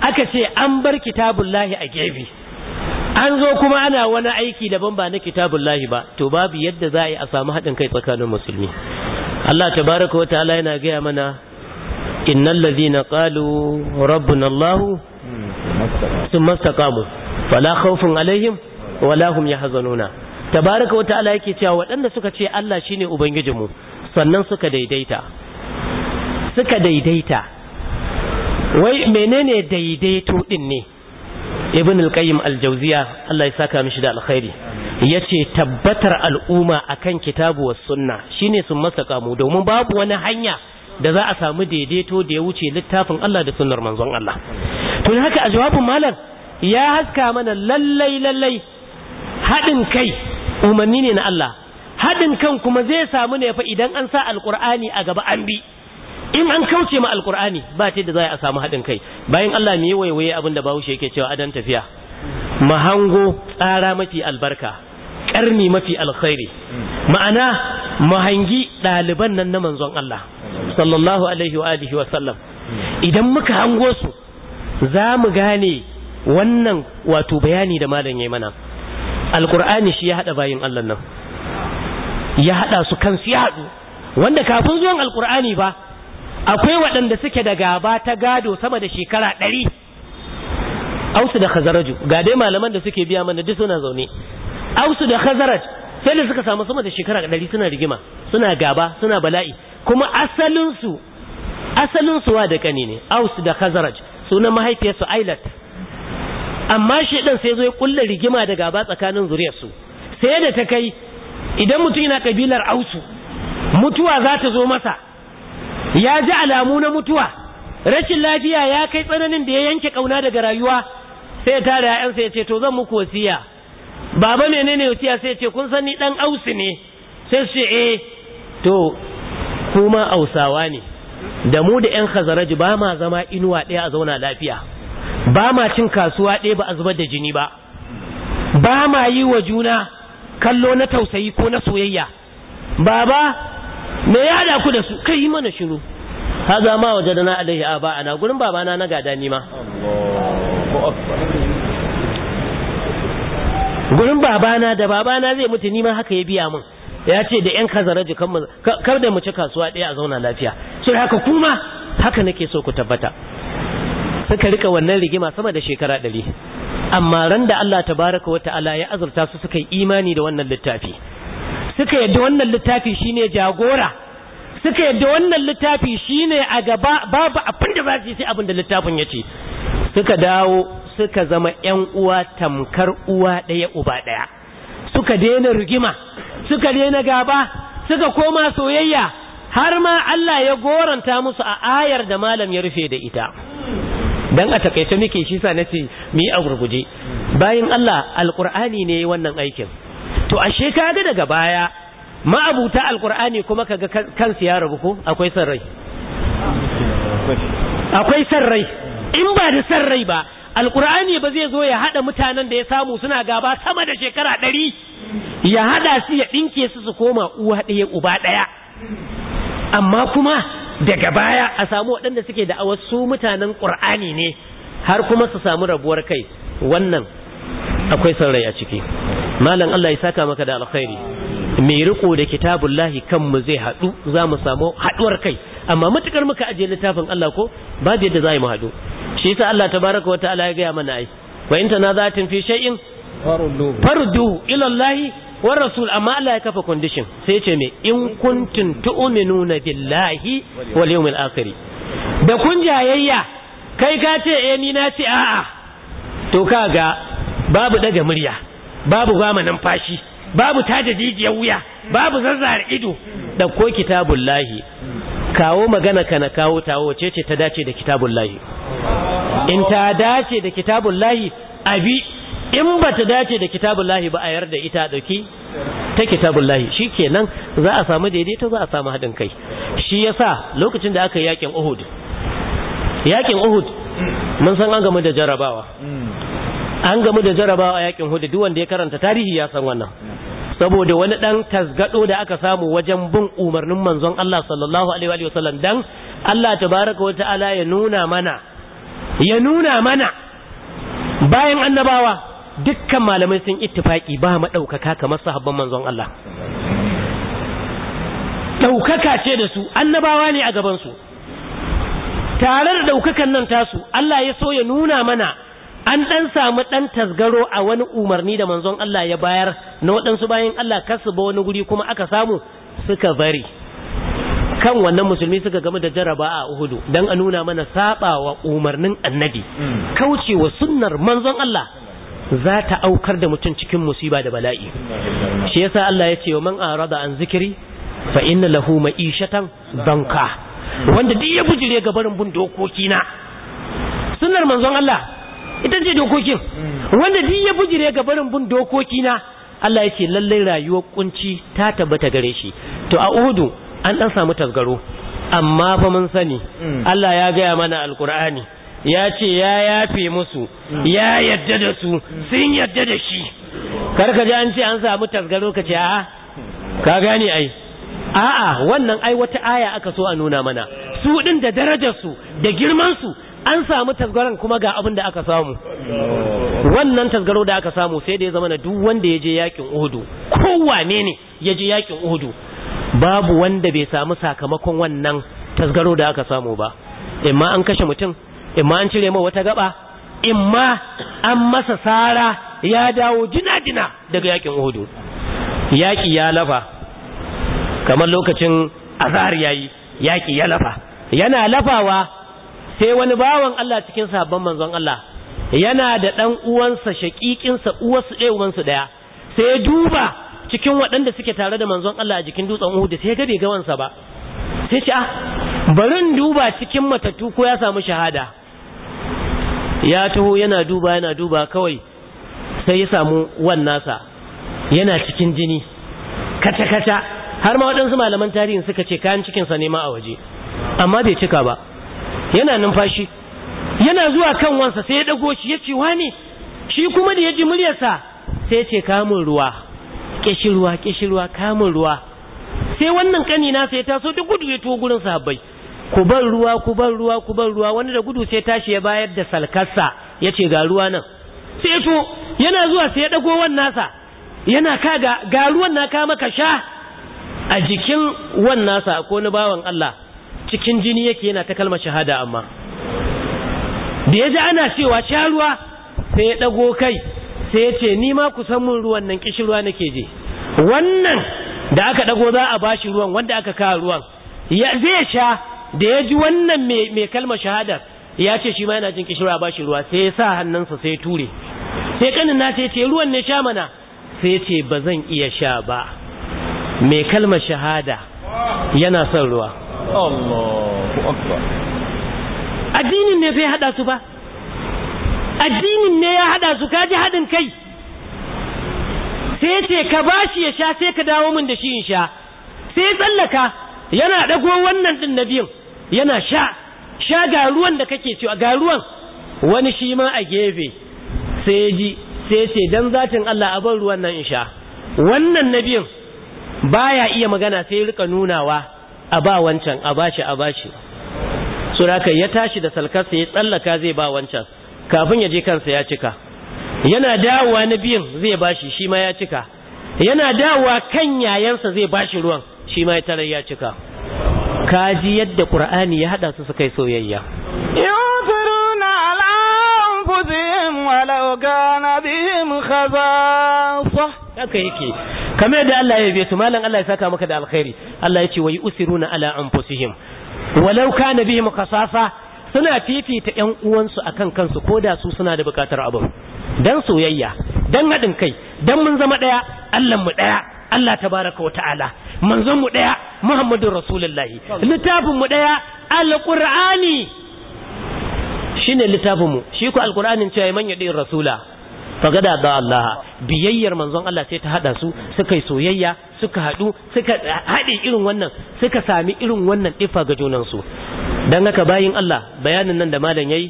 aka ce an bar kitabullahi a gefe an zo kuma ana wani aiki daban ba na kitabullahi ba to babu yadda za a yi a samu haɗin kai tsakanin musulmi Allah Ta baraka wa ta'ala yana gaya mana innal ladhina qalu rabbuna Allah sun mastaqamu fala khawfun alaihim wala hum yahzanuna tabaraka wa ta'ala yake cewa waɗanda suka ce Allah shine ubangijinmu sannan suka daidaita suka daidaita wai menene daidaito din ne ibn al-qayyim al-jawziya Allah ya saka mishi da alkhairi yace tabbatar al'umma akan kitabu was sunna shine sun masakamu domin babu wani hanya da za a samu daidaito da ya wuce littafin Allah da sunnar manzon Allah to haka a jawabin malam ya haska mana lallai lallai haɗin kai umarni ne na Allah haɗin kan kuma zai samu ne fa idan an sa alqur'ani a gaba an bi in an kauce ma alkur'ani ba ta da za a samu haɗin kai bayan Allah mu yi waiwaye abin da bahaushe yake cewa adan tafiya mahango tsara mafi albarka karni mafi alkhairi ma'ana mahangi ɗaliban nan na manzon Allah sallallahu alaihi wa alihi wa sallam idan muka hango su za mu gane wannan wato bayani da malam yayi mana alkur'ani shi ya hada bayin Allah nan ya hada su kansu ya hadu wanda kafin zuwan alkur'ani ba akwai waɗanda suke da gaba ta gado sama da shekara ɗari ausu da khazaraju ga dai malaman da suke biya mana duk suna zaune ausu da khazaraj sai da suka samu sama da shekara ɗari suna rigima suna gaba suna bala'i kuma asalinsu asalinsu wa da kani ne ausu da khazaraj sunan mahaifiyarsu ailat amma shi ɗan sai zo ya kulla rigima da gaba tsakanin zuriyarsu sai da ta kai idan mutum yana kabilar ausu mutuwa za ta zo masa ya ji alamu na mutuwa rashin lafiya ya kai tsananin da ya yanke kauna daga rayuwa sai ya tara ya'yansa ya ce to zan muku wasiya baba menene wasiya sai ya ce kun sani dan ausi ne sai su eh to kuma ausawa ne da mu da yan khazaraj ba ma zama inuwa ɗaya a zauna lafiya ba ma cin kasuwa ɗaya ba a zubar da jini ba ba ma yi wa juna kallo na tausayi ko na soyayya baba me ya hada ku da su kai yi mana shiru za ma waje da na alaihi a ba'ana gurin babana na gada ni ma gurin babana da babana zai mutu ni ma haka ya biya min ya ce da yan kazara jikan mu kar da mu ci kasuwa ɗaya a zauna lafiya so haka kuma haka nake so ku tabbata suka rika wannan rigima sama da shekara ɗari amma ran da Allah tabaraka wa ta'ala ya azurta su suka yi imani da wannan littafi suka yadda wannan littafi shine jagora suka yadda wannan littafi shine a gaba babu abin da za su yi sai abin da littafin ya ce suka dawo suka zama ƴan uwa tamkar uwa ɗaya uba ɗaya suka daina rigima suka daina gaba suka koma soyayya har ma Allah ya goranta musu a ayar da malam ya rufe da ita dan a takaice muke shi sa nace mi a gurguje bayan Allah alqur'ani ne wannan aikin to ashe ga daga baya ma'abuta alkur'ani kuma kaga kansu ya rabu ko akwai san rai akwai san rai in ba da san rai ba Alƙur'ani ba zai zo ya hada mutanen da ya samu suna gaba sama da shekara ɗari ya hada su ya ɗinke su su koma uwa ɗaya uba ɗaya amma kuma daga baya a samu waɗanda suke da awasu mutanen ƙur'ani ne har kuma su samu rabuwar kai wannan akwai son rai a ciki malam Allah ya saka maka da alkhairi mai riko da kitabullahi kanmu zai haɗu za mu samu haɗuwar kai amma matukar muka ajiye littafin Allah ko babu yadda za mu haɗu shi yasa Allah tabaraka wa ta'ala ya gaya mana ai wa in tanazatin fi shay'in farduhu ila Allah wa rasul amma Allah ya kafa condition sai ce me in kuntum tu'minuna billahi wal yawmil akhir da kun jayayya kai ka ce eh ni na ce a'a to kaga babu daga murya babu gama fashi babu tada jijiyar wuya babu zazzara ido da ko kitabullahi kawo magana kana kawo tawo ce ta dace da kitabullahi in ta dace da kitabullahi abi in ba ta dace da kitabullahi ba a yarda ita dauki ta kitabullahi shikenan za a samu daidaito za a samu haɗin kai shi yasa lokacin da aka yi yakin Uhud yakin Uhud mun san an game da jarabawa hmm. an gamu da jarabawa yakin hudu duk wanda ya karanta tarihi ya san wannan saboda wani dan tasgado da aka samu wajen bin umarnin manzon Allah sallallahu alaihi wa sallam dan Allah tabaaraka wa ta'ala ya nuna mana ya nuna mana bayan annabawa dukkan malamai sun ittifaki ba daukaka kamar sahabban manzon Allah daukaka ce da su annabawa ne a gaban su tare da daukakan nan tasu Allah ya so ya nuna mana an ɗan samu ɗan tasgaro a wani umarni da manzon Allah ya bayar na waɗansu bayan Allah kasuba ba wani guri kuma aka samu suka bari kan wannan musulmi suka gama da jaraba a uhudu don a nuna mana saba umarnin annabi hmm. kauce wa sunnar manzon Allah za ta aukar da mutum cikin musiba da bala'i shi yasa Allah ya ce wa man arada an zikiri fa inna lahu ma'ishatan banka wanda duk ya bujire ga barin bin dokokina sunnar manzon Allah ita ce dokokin wanda duk ya bujire ga barin bin dokoki na Allah ya ce lallai rayuwar kunci ta tabbata gare shi to a udu an dan samu tasgaro amma fa mun sani mm. Allah ya gaya mana alkur'ani ya ce ya yafe musu mm. ya yadda da su sun yadda da shi karka ji an ce an samu tasgaro ka ce a'a ka gane ai a'a wannan ai wata aya aka so a nuna mana su din da darajar su da girman su an samu tasgaron kuma ga abin da aka samu wannan tasgaro da aka samu sai da ya zama na duk wanda ya je yakin uhudu kowane ne ya je yakin uhudu babu wanda bai samu sakamakon wannan tasgaro da aka samu ba imma an kashe mutum imma an cire mai wata gaba imma an masa sara ya dawo jina-jina daga yakin uhudu yaki ya lafa kamar lokacin azhar yayi yaki ya lafa yana lafawa sai wani bawan Allah cikin sahabban manzon Allah yana da ɗan uwansa shaƙiƙinsa uwarsu ɗaya uwansu ɗaya sai ya duba cikin waɗanda suke tare da manzon Allah a jikin dutsen Uhud sai ga bai ga wansa ba sai ce ah barin duba cikin matattu ko ya samu shahada ya taho yana duba yana duba kawai sai ya samu nasa yana cikin jini kaca kaca har ma waɗansu malaman tarihin suka ce kayan cikinsa ne ma a waje amma bai cika ba yana numfashi yana zuwa kan wansa sai ya dago shi ya ce wani shi kuma da ya ji muryarsa sai ya ce kamun ruwa ƙishirwa, ƙishirwa, kamun ruwa sai wannan kani na sai ya taso da gudu ya tuwo gurin sahabbai ku bar ruwa ku bar ruwa ku bar ruwa wani da gudu sai tashi ya bayar da salkarsa ya ce ga ruwa nan sai to yana zuwa sai ya dago wannan yana ka ga ruwan na ka maka sha a jikin wannan sa ko ni bawan Allah cikin jini yake yana ta kalmar shahada amma da ya ji ana cewa sha ruwa sai ya ɗago kai sai ya ce ni ma ku san mun ruwan nan kishin ruwa nake je wannan da aka ɗago za a bashi ruwan wanda aka kawo ruwan ya zai sha da ya ji wannan mai kalmar shahada ya ce shi ma yana jin kishin ruwa bashi ruwa sai ya sa hannunsa sai ya ture sai kanin na ce ruwan ne sha mana sai ce ba zan iya sha ba mai kalmar shahada yana son ruwa Allahu akbar addinin ne bai hada su ba addinin ne ya hada su kaji hadin kai sai ce ka bashi ya sha sai ka dawo min da shi in sha sai tsallaka yana dago wannan din nabiyin yana sha sha ga ruwan da kake cewa ga ruwan wani shi ma a gefe sai ji sai ce dan zatin Allah a bar ruwan nan in sha wannan nabiyin baya iya magana sai ya rika nunawa a ba wancan a bashi a bashi so da ya tashi da salkarsa ya tsallaka zai ba wancan kafin ya je kansa ya cika yana dawowa na biyun zai bashi shi ma ya cika yana dawowa kan yayansa zai bashi ruwan shi ma ya tarar ya cika kaji yadda qur'ani ya hada su su kai soyayya yuzuruna ala anfusihim walau kana bihim khazafa haka yake kamar da Allah ya yabe su malam Allah ya saka maka da alkhairi Allah ya ce wa yusiruna ala anfusihim walau kana bihim qasasa suna fifita ƴan uwansu akan kansu ko da su suna da bukatar abu dan soyayya dan haɗin kai dan mun zama ɗaya Allah mu ɗaya Allah tabaraka wa ta'ala manzon mu ɗaya Muhammadur Rasulullah littafin mu ɗaya alqur'ani shine littafin mu shi ko alqur'anin cewa man yadi rasula fagada da Allah biyayyar manzon Allah sai ta hada su suka soyayya suka hadu suka hade irin wannan suka sami irin wannan difa ga junan su dan haka bayin Allah bayanin nan da malam yayi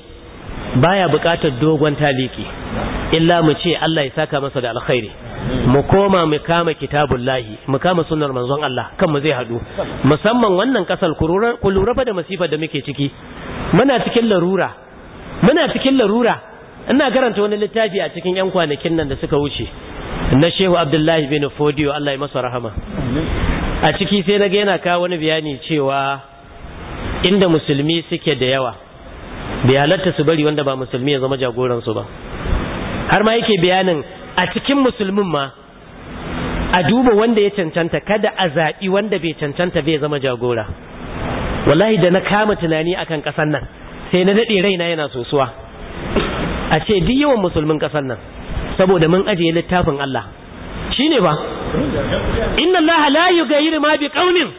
baya buƙatar dogon taliki illa mu ce Allah ya saka masa da alkhairi mu koma mu kama kitabullahi mu kama sunnar manzon Allah kan mu zai hadu musamman wannan kasar ku kulura da masifar da muke ciki muna cikin larura muna cikin larura ina karanta wani littafi a cikin yan kwanakin nan da suka wuce na shehu abdullahi bin fodiyo allah ya masa rahama a ciki sai na ga yana kawo wani bayani cewa inda musulmi suke da yawa bai halatta su bari wanda ba musulmi ya zama jagoransu ba har ma yake bayanin a cikin musulmin ma a duba wanda ya cancanta kada a zaɓi wanda bai cancanta bai zama jagora wallahi da na kama tunani akan ƙasar nan sai na daɗe raina yana sosuwa a ce duk yawan musulmin ƙasar nan saboda mun ajiye littafin Allah shi ne ba inna allaha la yughayyiru ma bi qaumin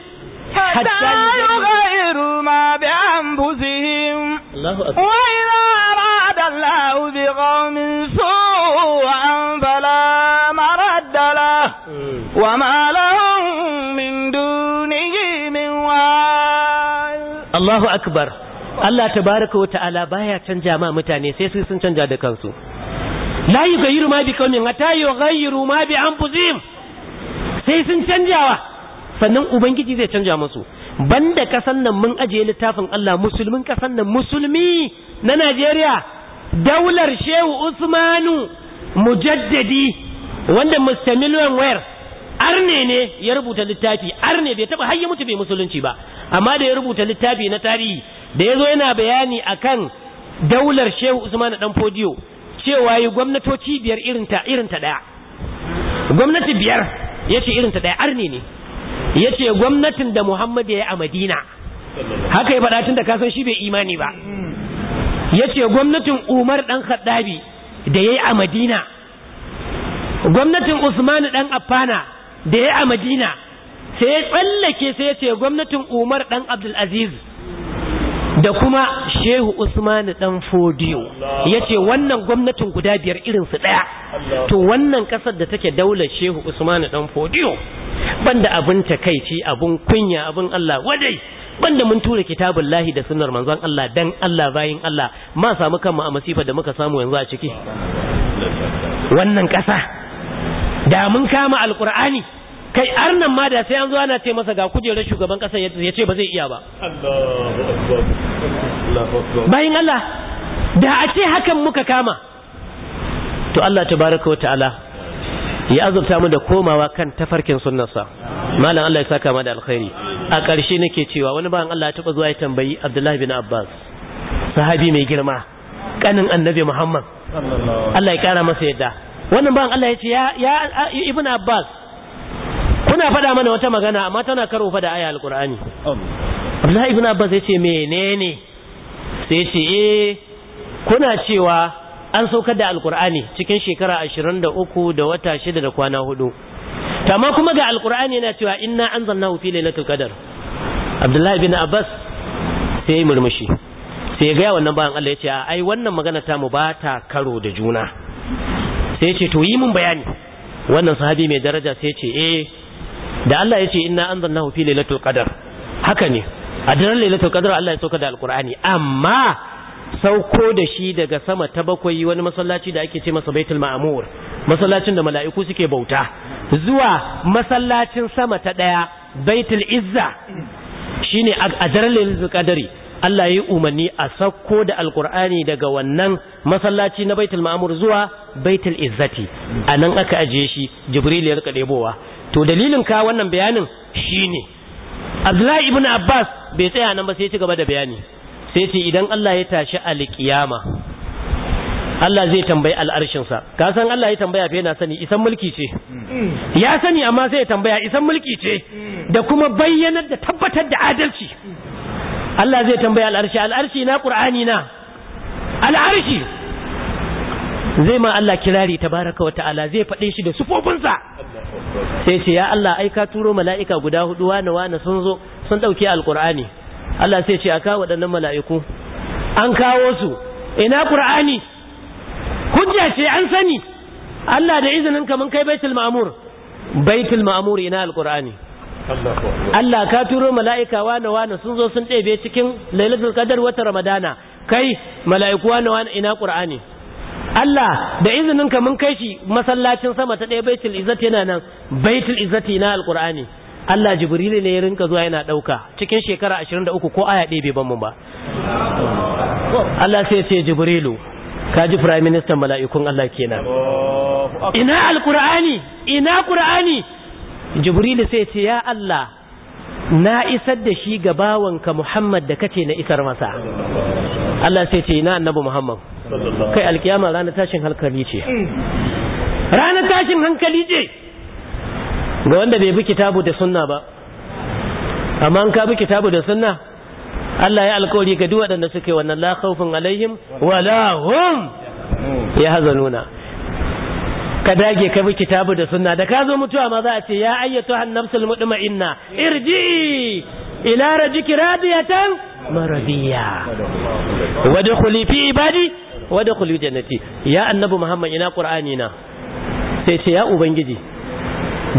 hatta yughayyiru ma bi anfusihim wa idha arada allahu bi qaumin su'an fala maradda la wa ma lahum min dunihi min wal Allahu akbar Allah tabaraka wa ta'ala baya canja ma mutane sai su sun canja da kansu la yughayyiru ma bi hatta yughayyiru ma bi anfusihim sai sun canjawa sannan ubangiji zai canja musu banda kasan nan mun ajiye littafin Allah musulmin kasan nan musulmi na Najeriya daular Shehu Usmanu mujaddadi wanda Mr. Million Ware arne ne ya rubuta littafi arne bai taba hayya mutu bai musulunci ba amma da ya rubuta littafi na tarihi da ya zo yana bayani akan daular Shehu Usman dan Fodiyo cewa yi gwamnatoci biyar irin ta irin ta daya gwamnati biyar ce irin ta daya arni ne Ya ce gwamnatin da Muhammadu ya yi a Madina haka ya faɗa tun da kasan shi bai imani ba Ya ce gwamnatin Umar dan Khattabi da ya yi a Madina gwamnatin Usman dan Affana da ya yi a Madina sai ya tsallake sai ya ce gwamnatin Umar dan Abdulaziz. Aziz da kuma shehu usmani dan fodiyo ya ce wannan gwamnatin guda biyar irinsu ɗaya to wannan ƙasar da take daular shehu Usman dan fodiyo banda abin takaici abin kunya abin allah wadai banda mun tura kitabun lahi da sunnar manzon allah dan allah bayin allah ma samu kanmu a masifa da muka samu yanzu a ciki wannan ƙasa da mun kama alƙur'ani kai arnan ma da sai an zo ana ce masa ga kujerar shugaban kasa ya ce ba zai iya ba bayin Allah da a ce hakan muka kama to Allah Ta baraka wa ta'ala ya azurta mu da komawa kan tafarkin sunnarsa malam Allah ya saka mu da alkhairi a ƙarshe nake cewa wani bayan Allah ya taɓa zuwa ya tambayi Abdullahi bin Abbas sahabi mai girma kanin annabi Muhammad Allah ya kara masa yadda wannan bayan Allah ya ce ya ibn Abbas suna faɗa mana wata magana amma tana karo fa da aya alqur'ani Abdullahi ibn Abbas yace menene sai ce eh kuna cewa an saukar da alqur'ani cikin shekara 23 da wata 6 da kwana 4 amma kuma ga alqur'ani yana cewa inna anzalnahu fi lailatul qadar Abdullahi ibn Abbas sai ya murmushi sai ya ga wannan bayan Allah ya ce ai wannan magana ta mu ba ta karo da juna sai ce to yi mun bayani wannan sahabi mai daraja sai ce eh da Allah ya ce inna anzalnahu fi lailatul qadar haka ne a daren lailatul qadar Allah ya sauka da alqur'ani amma sauko da shi daga sama ta bakwai wani masallaci da ake ce masa baitul ma'mur masallacin da mala'iku suke bauta zuwa masallacin sama ta daya baitul izza shine a daren lailatul qadari Allah ya yi umarni a sauko da alkur'ani daga wannan masallaci na baitul ma'mur zuwa baitul izzati anan aka ajiye shi jibril ya rika debowa to dalilin ka wannan bayanin shine Abdullahi ibn Abbas bai tsaya nan ba sai ya ci gaba da bayani sai ce idan Allah ya tashi alƙiyama Allah zai tambayi sa ka san Allah ya tambaya fa yana sani isan mulki ce mm. ya sani amma sai ya tambaya isan mulki ce mm. da kuma bayyanar da tabbatar da adalci mm. Allah zai tambaya al'arshi al'arshi na Qur'ani na al'arshi zai ma Allah kirari tabaraka wa ta'ala zai faɗe shi da sufofinsa sai ce ya Allah ai ka turo mala'ika guda hudu wane wane sun zo sun dauke alqur'ani Allah sai ce aka waɗannan mala'iku an kawo su ina qur'ani hujja ce an sani Allah da izinin ka mun kai baitul ma'mur baitul ma'mur ina alqur'ani Allah ka turo mala'ika wane wane sun zo sun ɗebe cikin lailatul qadar wata ramadana kai mala'iku wane wane ina qur'ani Allah da izinin ka mun kai shi masallacin sama ta ɗaya baitul izzat yana nan baitul izzati na alqur'ani Allah jibrilu ne ya rinka zuwa yana ɗauka cikin shekara 23 ko aya ɗaya bai ban mun ba Allah sai ya ce jibrilu ka ji prime minister mala'ikun Allah kenan ina alqur'ani ina qur'ani jibrilu sai ya ce ya Allah na isar da shi ga bawanka Muhammad da kace na isar masa Allah sai ce ina annabi Muhammad kai alkiyama ranar tashin hankali ce ranar tashin hankali ce ga wanda bai bi kitabu da sunna ba amma an ka bi kitabu da sunna Allah ya alkawari ga duk waɗanda suke wannan la khawfun alaihim wa la hum ka dage ka bi kitabu da sunna da ka zo mutuwa ma za a ce ya ayyatu an nafsul mutma'inna irji ila rajiki radiyatan maradiya wadkhuli fi ibadi wadkhulu jannati ya annabi muhammad ina qur'ani na sai sai ya ubangiji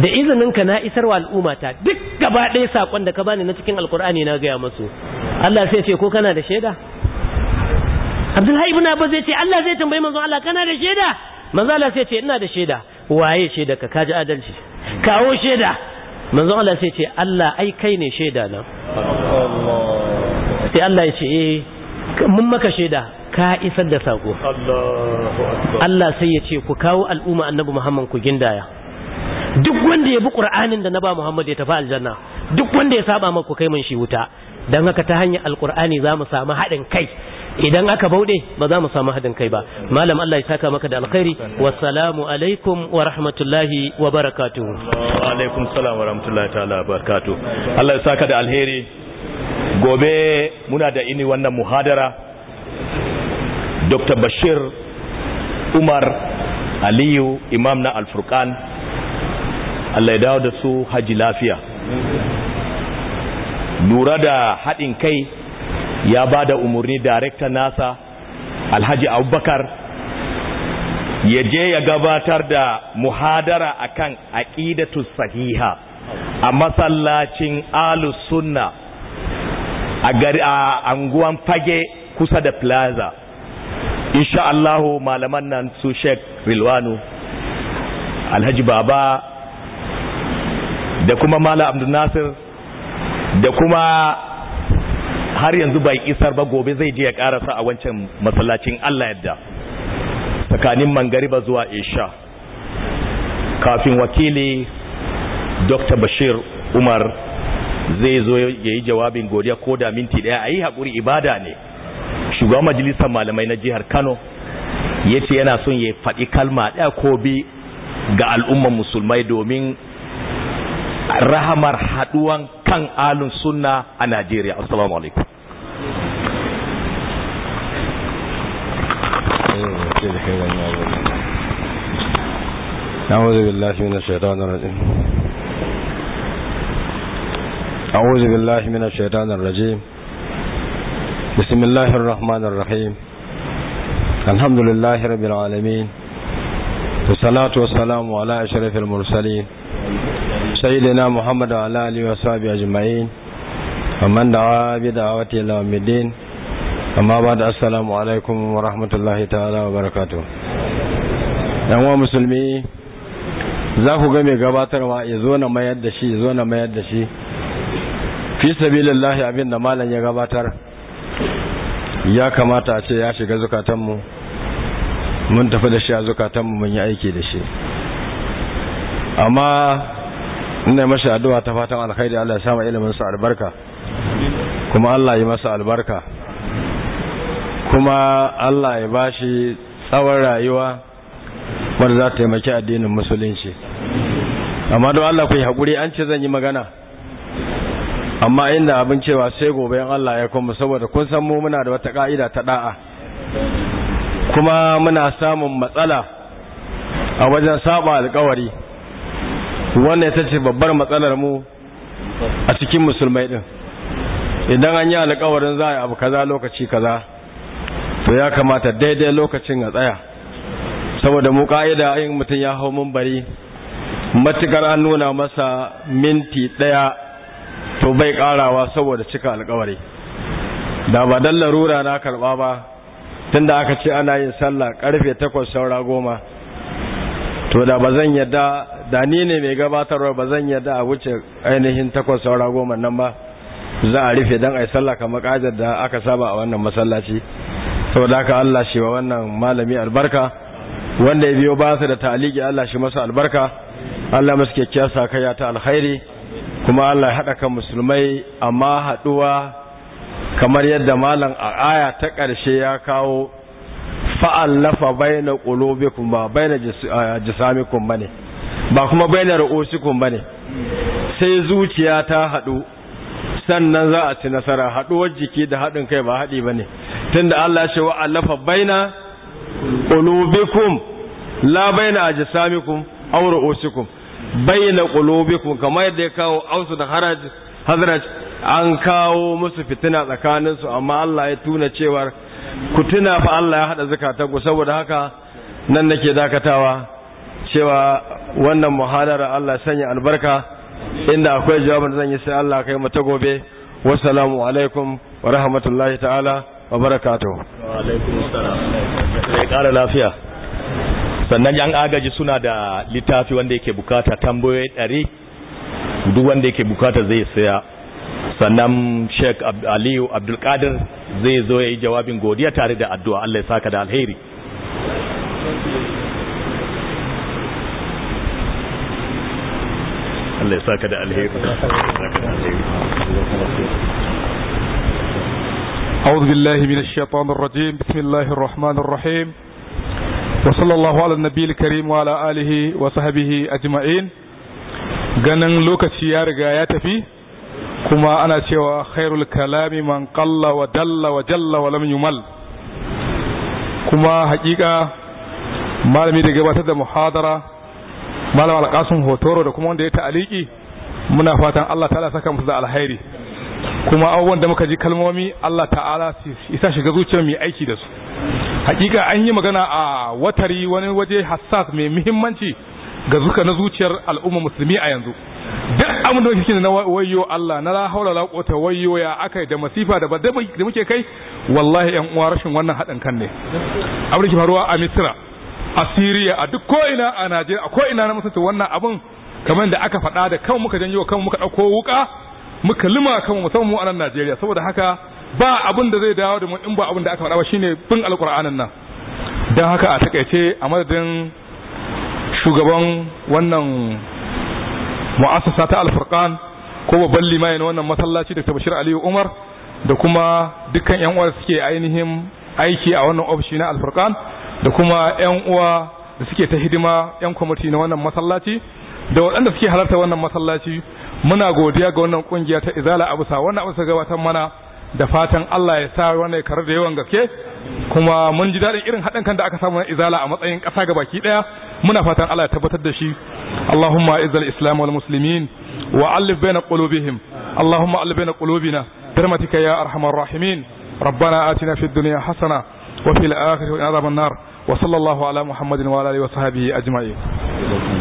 da izinin ka na isarwa ta duk gaba ɗaya sakon da ka bani na cikin alqur'ani na gaya musu Allah sai ce ko kana da shaida Abdullahi ibn Abbas zai ce Allah zai tambayi manzon Allah kana da shaida manzon Allah sai ce ina da shaida waye shaida ka kaji adalci kawo shaida manzon Allah sai ce Allah ai kai ne shaida na sai Allah ya ce eh mun maka shaida ka isar da sako Allah sai ya ce ku kawo al'umma annabi Muhammad ku gindaya duk wanda ya bi Qur'anin da na ba Muhammad ya tafi aljanna duk wanda ya saba maku kai mun shi wuta dan haka ta hanyar alqur'ani za mu samu haɗin kai idan aka bauɗe ba za mu samu haɗin kai ba malam Allah ya saka maka da alkhairi wassalamu alaikum wa rahmatullahi wa barakatuhu wa alaikum salam wa rahmatullahi ta'ala wa barakatuhu Allah ya saka da alheri gobe muna da ini wannan muhadara dr bashir umar aliyu imam na alfurkan allah dawo da su haji lafiya lura da haɗin kai ya ba da umarni darekta nasa alhaji abubakar ya je ya gabatar da muhadara akan aƙidatu sahiha a masallacin alusunna a anguwan fage kusa da plaza insha Allahu malaman nan su Sheikh Rilwanu Alhaji Baba da kuma Malam Abdul Nasir da kuma har yanzu bai isar ba gobe zai je ya karasa a wancan masallacin Allah yadda tsakanin mangariba zuwa isha kafin wakili Dr. Bashir Umar zai zo ya yi jawabin godiya ko da minti daya ayi hakuri haƙuri ibada ne shugaban majalisar malamai na jihar kano ya ce yana son ya faɗi kalma ɗaya ko bi ga al'umman musulmai domin rahamar haɗuwan kan alun sunna a najeriya assalamu alaikum أعوذ بالله من الشيطان الرجيم أعوذ بالله من الشيطان الرجيم بسم الله الرحمن الرحيم الحمد لله رب العالمين والصلاة والسلام على أشرف المرسلين سيدنا محمد وعلى آله وصحبه أجمعين ومن دعا بدعوته إلى يوم الدين أما بعد السلام عليكم ورحمة الله تعالى وبركاته يا مسلمي za ku ga mai gabatarwa ya zo na mayar da shi ya zo na mayar da shi fi sabilillahi abin da malam ya gabatar ya kamata a ce ya shiga zukatanmu mun tafi da shi a zukatanmu mun yi aiki da shi amma ina mashi addu'a ta fatan alkhairi Allah ya sa ilimin sa albarka kuma Allah ya masa albarka kuma Allah ya bashi tsawon rayuwa wanda za ta taimaki addinin musulunci amma don Allah ku yi haƙuri an ce zan yi magana amma inda abin cewa sai gobe in Allah ya kuma saboda kun san mu muna da wata ka'ida ta da'a kuma muna samun matsala a wajen saba alkawari wannan ita ce babbar matsalar mu a cikin musulmai din idan an yi alkawarin za a abu kaza lokaci kaza to ya kamata daidai lokacin a tsaya saboda mu ka'ida in mutum ya hau mun bari matukar an nuna masa minti ɗaya. to bai karawa saboda cika alkawari da ba dan larura na karba ba tunda aka ce ana yin sallah karfe 8 saura goma to da ba zan yadda da ni ne mai gabatarwa ba zan yadda a wuce ainihin 8 saura goma nan ba za a rufe dan ai sallah kamar kajar da aka saba a wannan masallaci saboda haka Allah shi wa wannan malami albarka wanda ya biyo ba su da taliki Allah shi masa albarka Allah masu kyakkyar sakaya ta alkhairi kuma Allah ya haɗa kan musulmai amma haɗuwa kamar yadda malam a aya ta ƙarshe ya kawo fa'allafa baina qulubikum ba baina jisamikum bane ba kuma baina ru'usikum bane sai zuciya ta haɗu sannan za a ci nasara haɗuwar jiki da haɗin kai ba haɗi bane tunda Allah ya ce wa'allafa baina qulubikum la baina ajsamikum aw ru'usikum bayyana qulubikum kamar yadda ya kawo ausu da haraj an kawo musu fitina tsakaninsu su amma Allah ya tuna cewar ku tuna fa Allah ya haɗa zakatan ku saboda haka nan nake dakatawa cewa wannan muhadara Allah sanya albarka inda akwai jawabin zan yi sai Allah kai mu ta gobe wassalamu alaikum wa rahmatullahi ta'ala wa barakatuh wa alaikum assalam sai kara lafiya sannan yan agaji suna da littafi wanda yake bukata tambayoyi ɗari duk wanda yake bukata zai saya sannan sheik aliyu abdulkadir zai zo ya yi jawabin godiya tare da addu'a Allai alheri saka da alheri أعوذ بالله من الشيطان الرجيم بسم الله الرحمن الرحيم وصلى الله على النبي الكريم وعلى آله وصحبه أجمعين ganin lokaci ya riga ya tafi kuma ana cewa khairul kalami man qalla wa dalla wa jalla wa lam yumal kuma hakika malami da gabatar da muhadara malam alkasun hotoro da kuma wanda ya ta'aliki muna fatan Allah ta'ala saka musu da alhairi kuma abubuwan da muka ji kalmomi Allah ta'ala isa shiga zuciyar mai aiki da su hakika an yi magana a watari wani waje hassas mai muhimmanci ga zuka na zuciyar al'umma musulmi a yanzu duk abin da kike na wayo Allah na la la wayo ya akai da masifa da da muke kai wallahi yan uwa rashin wannan haɗin kan ne abin da faruwa a Misira, a Siriya a duk ko a Najeriya ko na musulunci wannan abin kamar da aka faɗa da kan muka janyo kan muka ɗauko wuka muka lima kan musamman mu a nan Najeriya saboda haka ba abin da zai dawo da mu in ba abin da aka faɗa ba shine bin alƙur'anin nan dan haka a takaice a madadin shugaban wannan mu'assasa ta alfurqan ko babban limamin wannan masallaci da Bashir Aliyu Umar da kuma dukkan yan uwa suke ainihin aiki a wannan ofishi na alfurqan da kuma yan uwa da suke ta hidima yan kwamiti na wannan masallaci da waɗanda suke halarta wannan masallaci muna godiya ga wannan kungiya ta Izala Abusa wannan abusa gabatar mana da fatan Allah ya sa wannan karar da yawan gaske kuma mun ji daɗin irin haɗin kan da aka samu na izala a matsayin ƙasa ga baki ɗaya muna fatan Allah ya tabbatar da shi Allahumma izal islam wal muslimin wa alif baina qulubihim Allahumma alif baina qulubina birmatika ya arhamar rahimin ربنا آتنا في الدنيا حسنة وفي الآخرة عذاب النار وصلى الله على محمد وعلى آله وصحبه أجمعين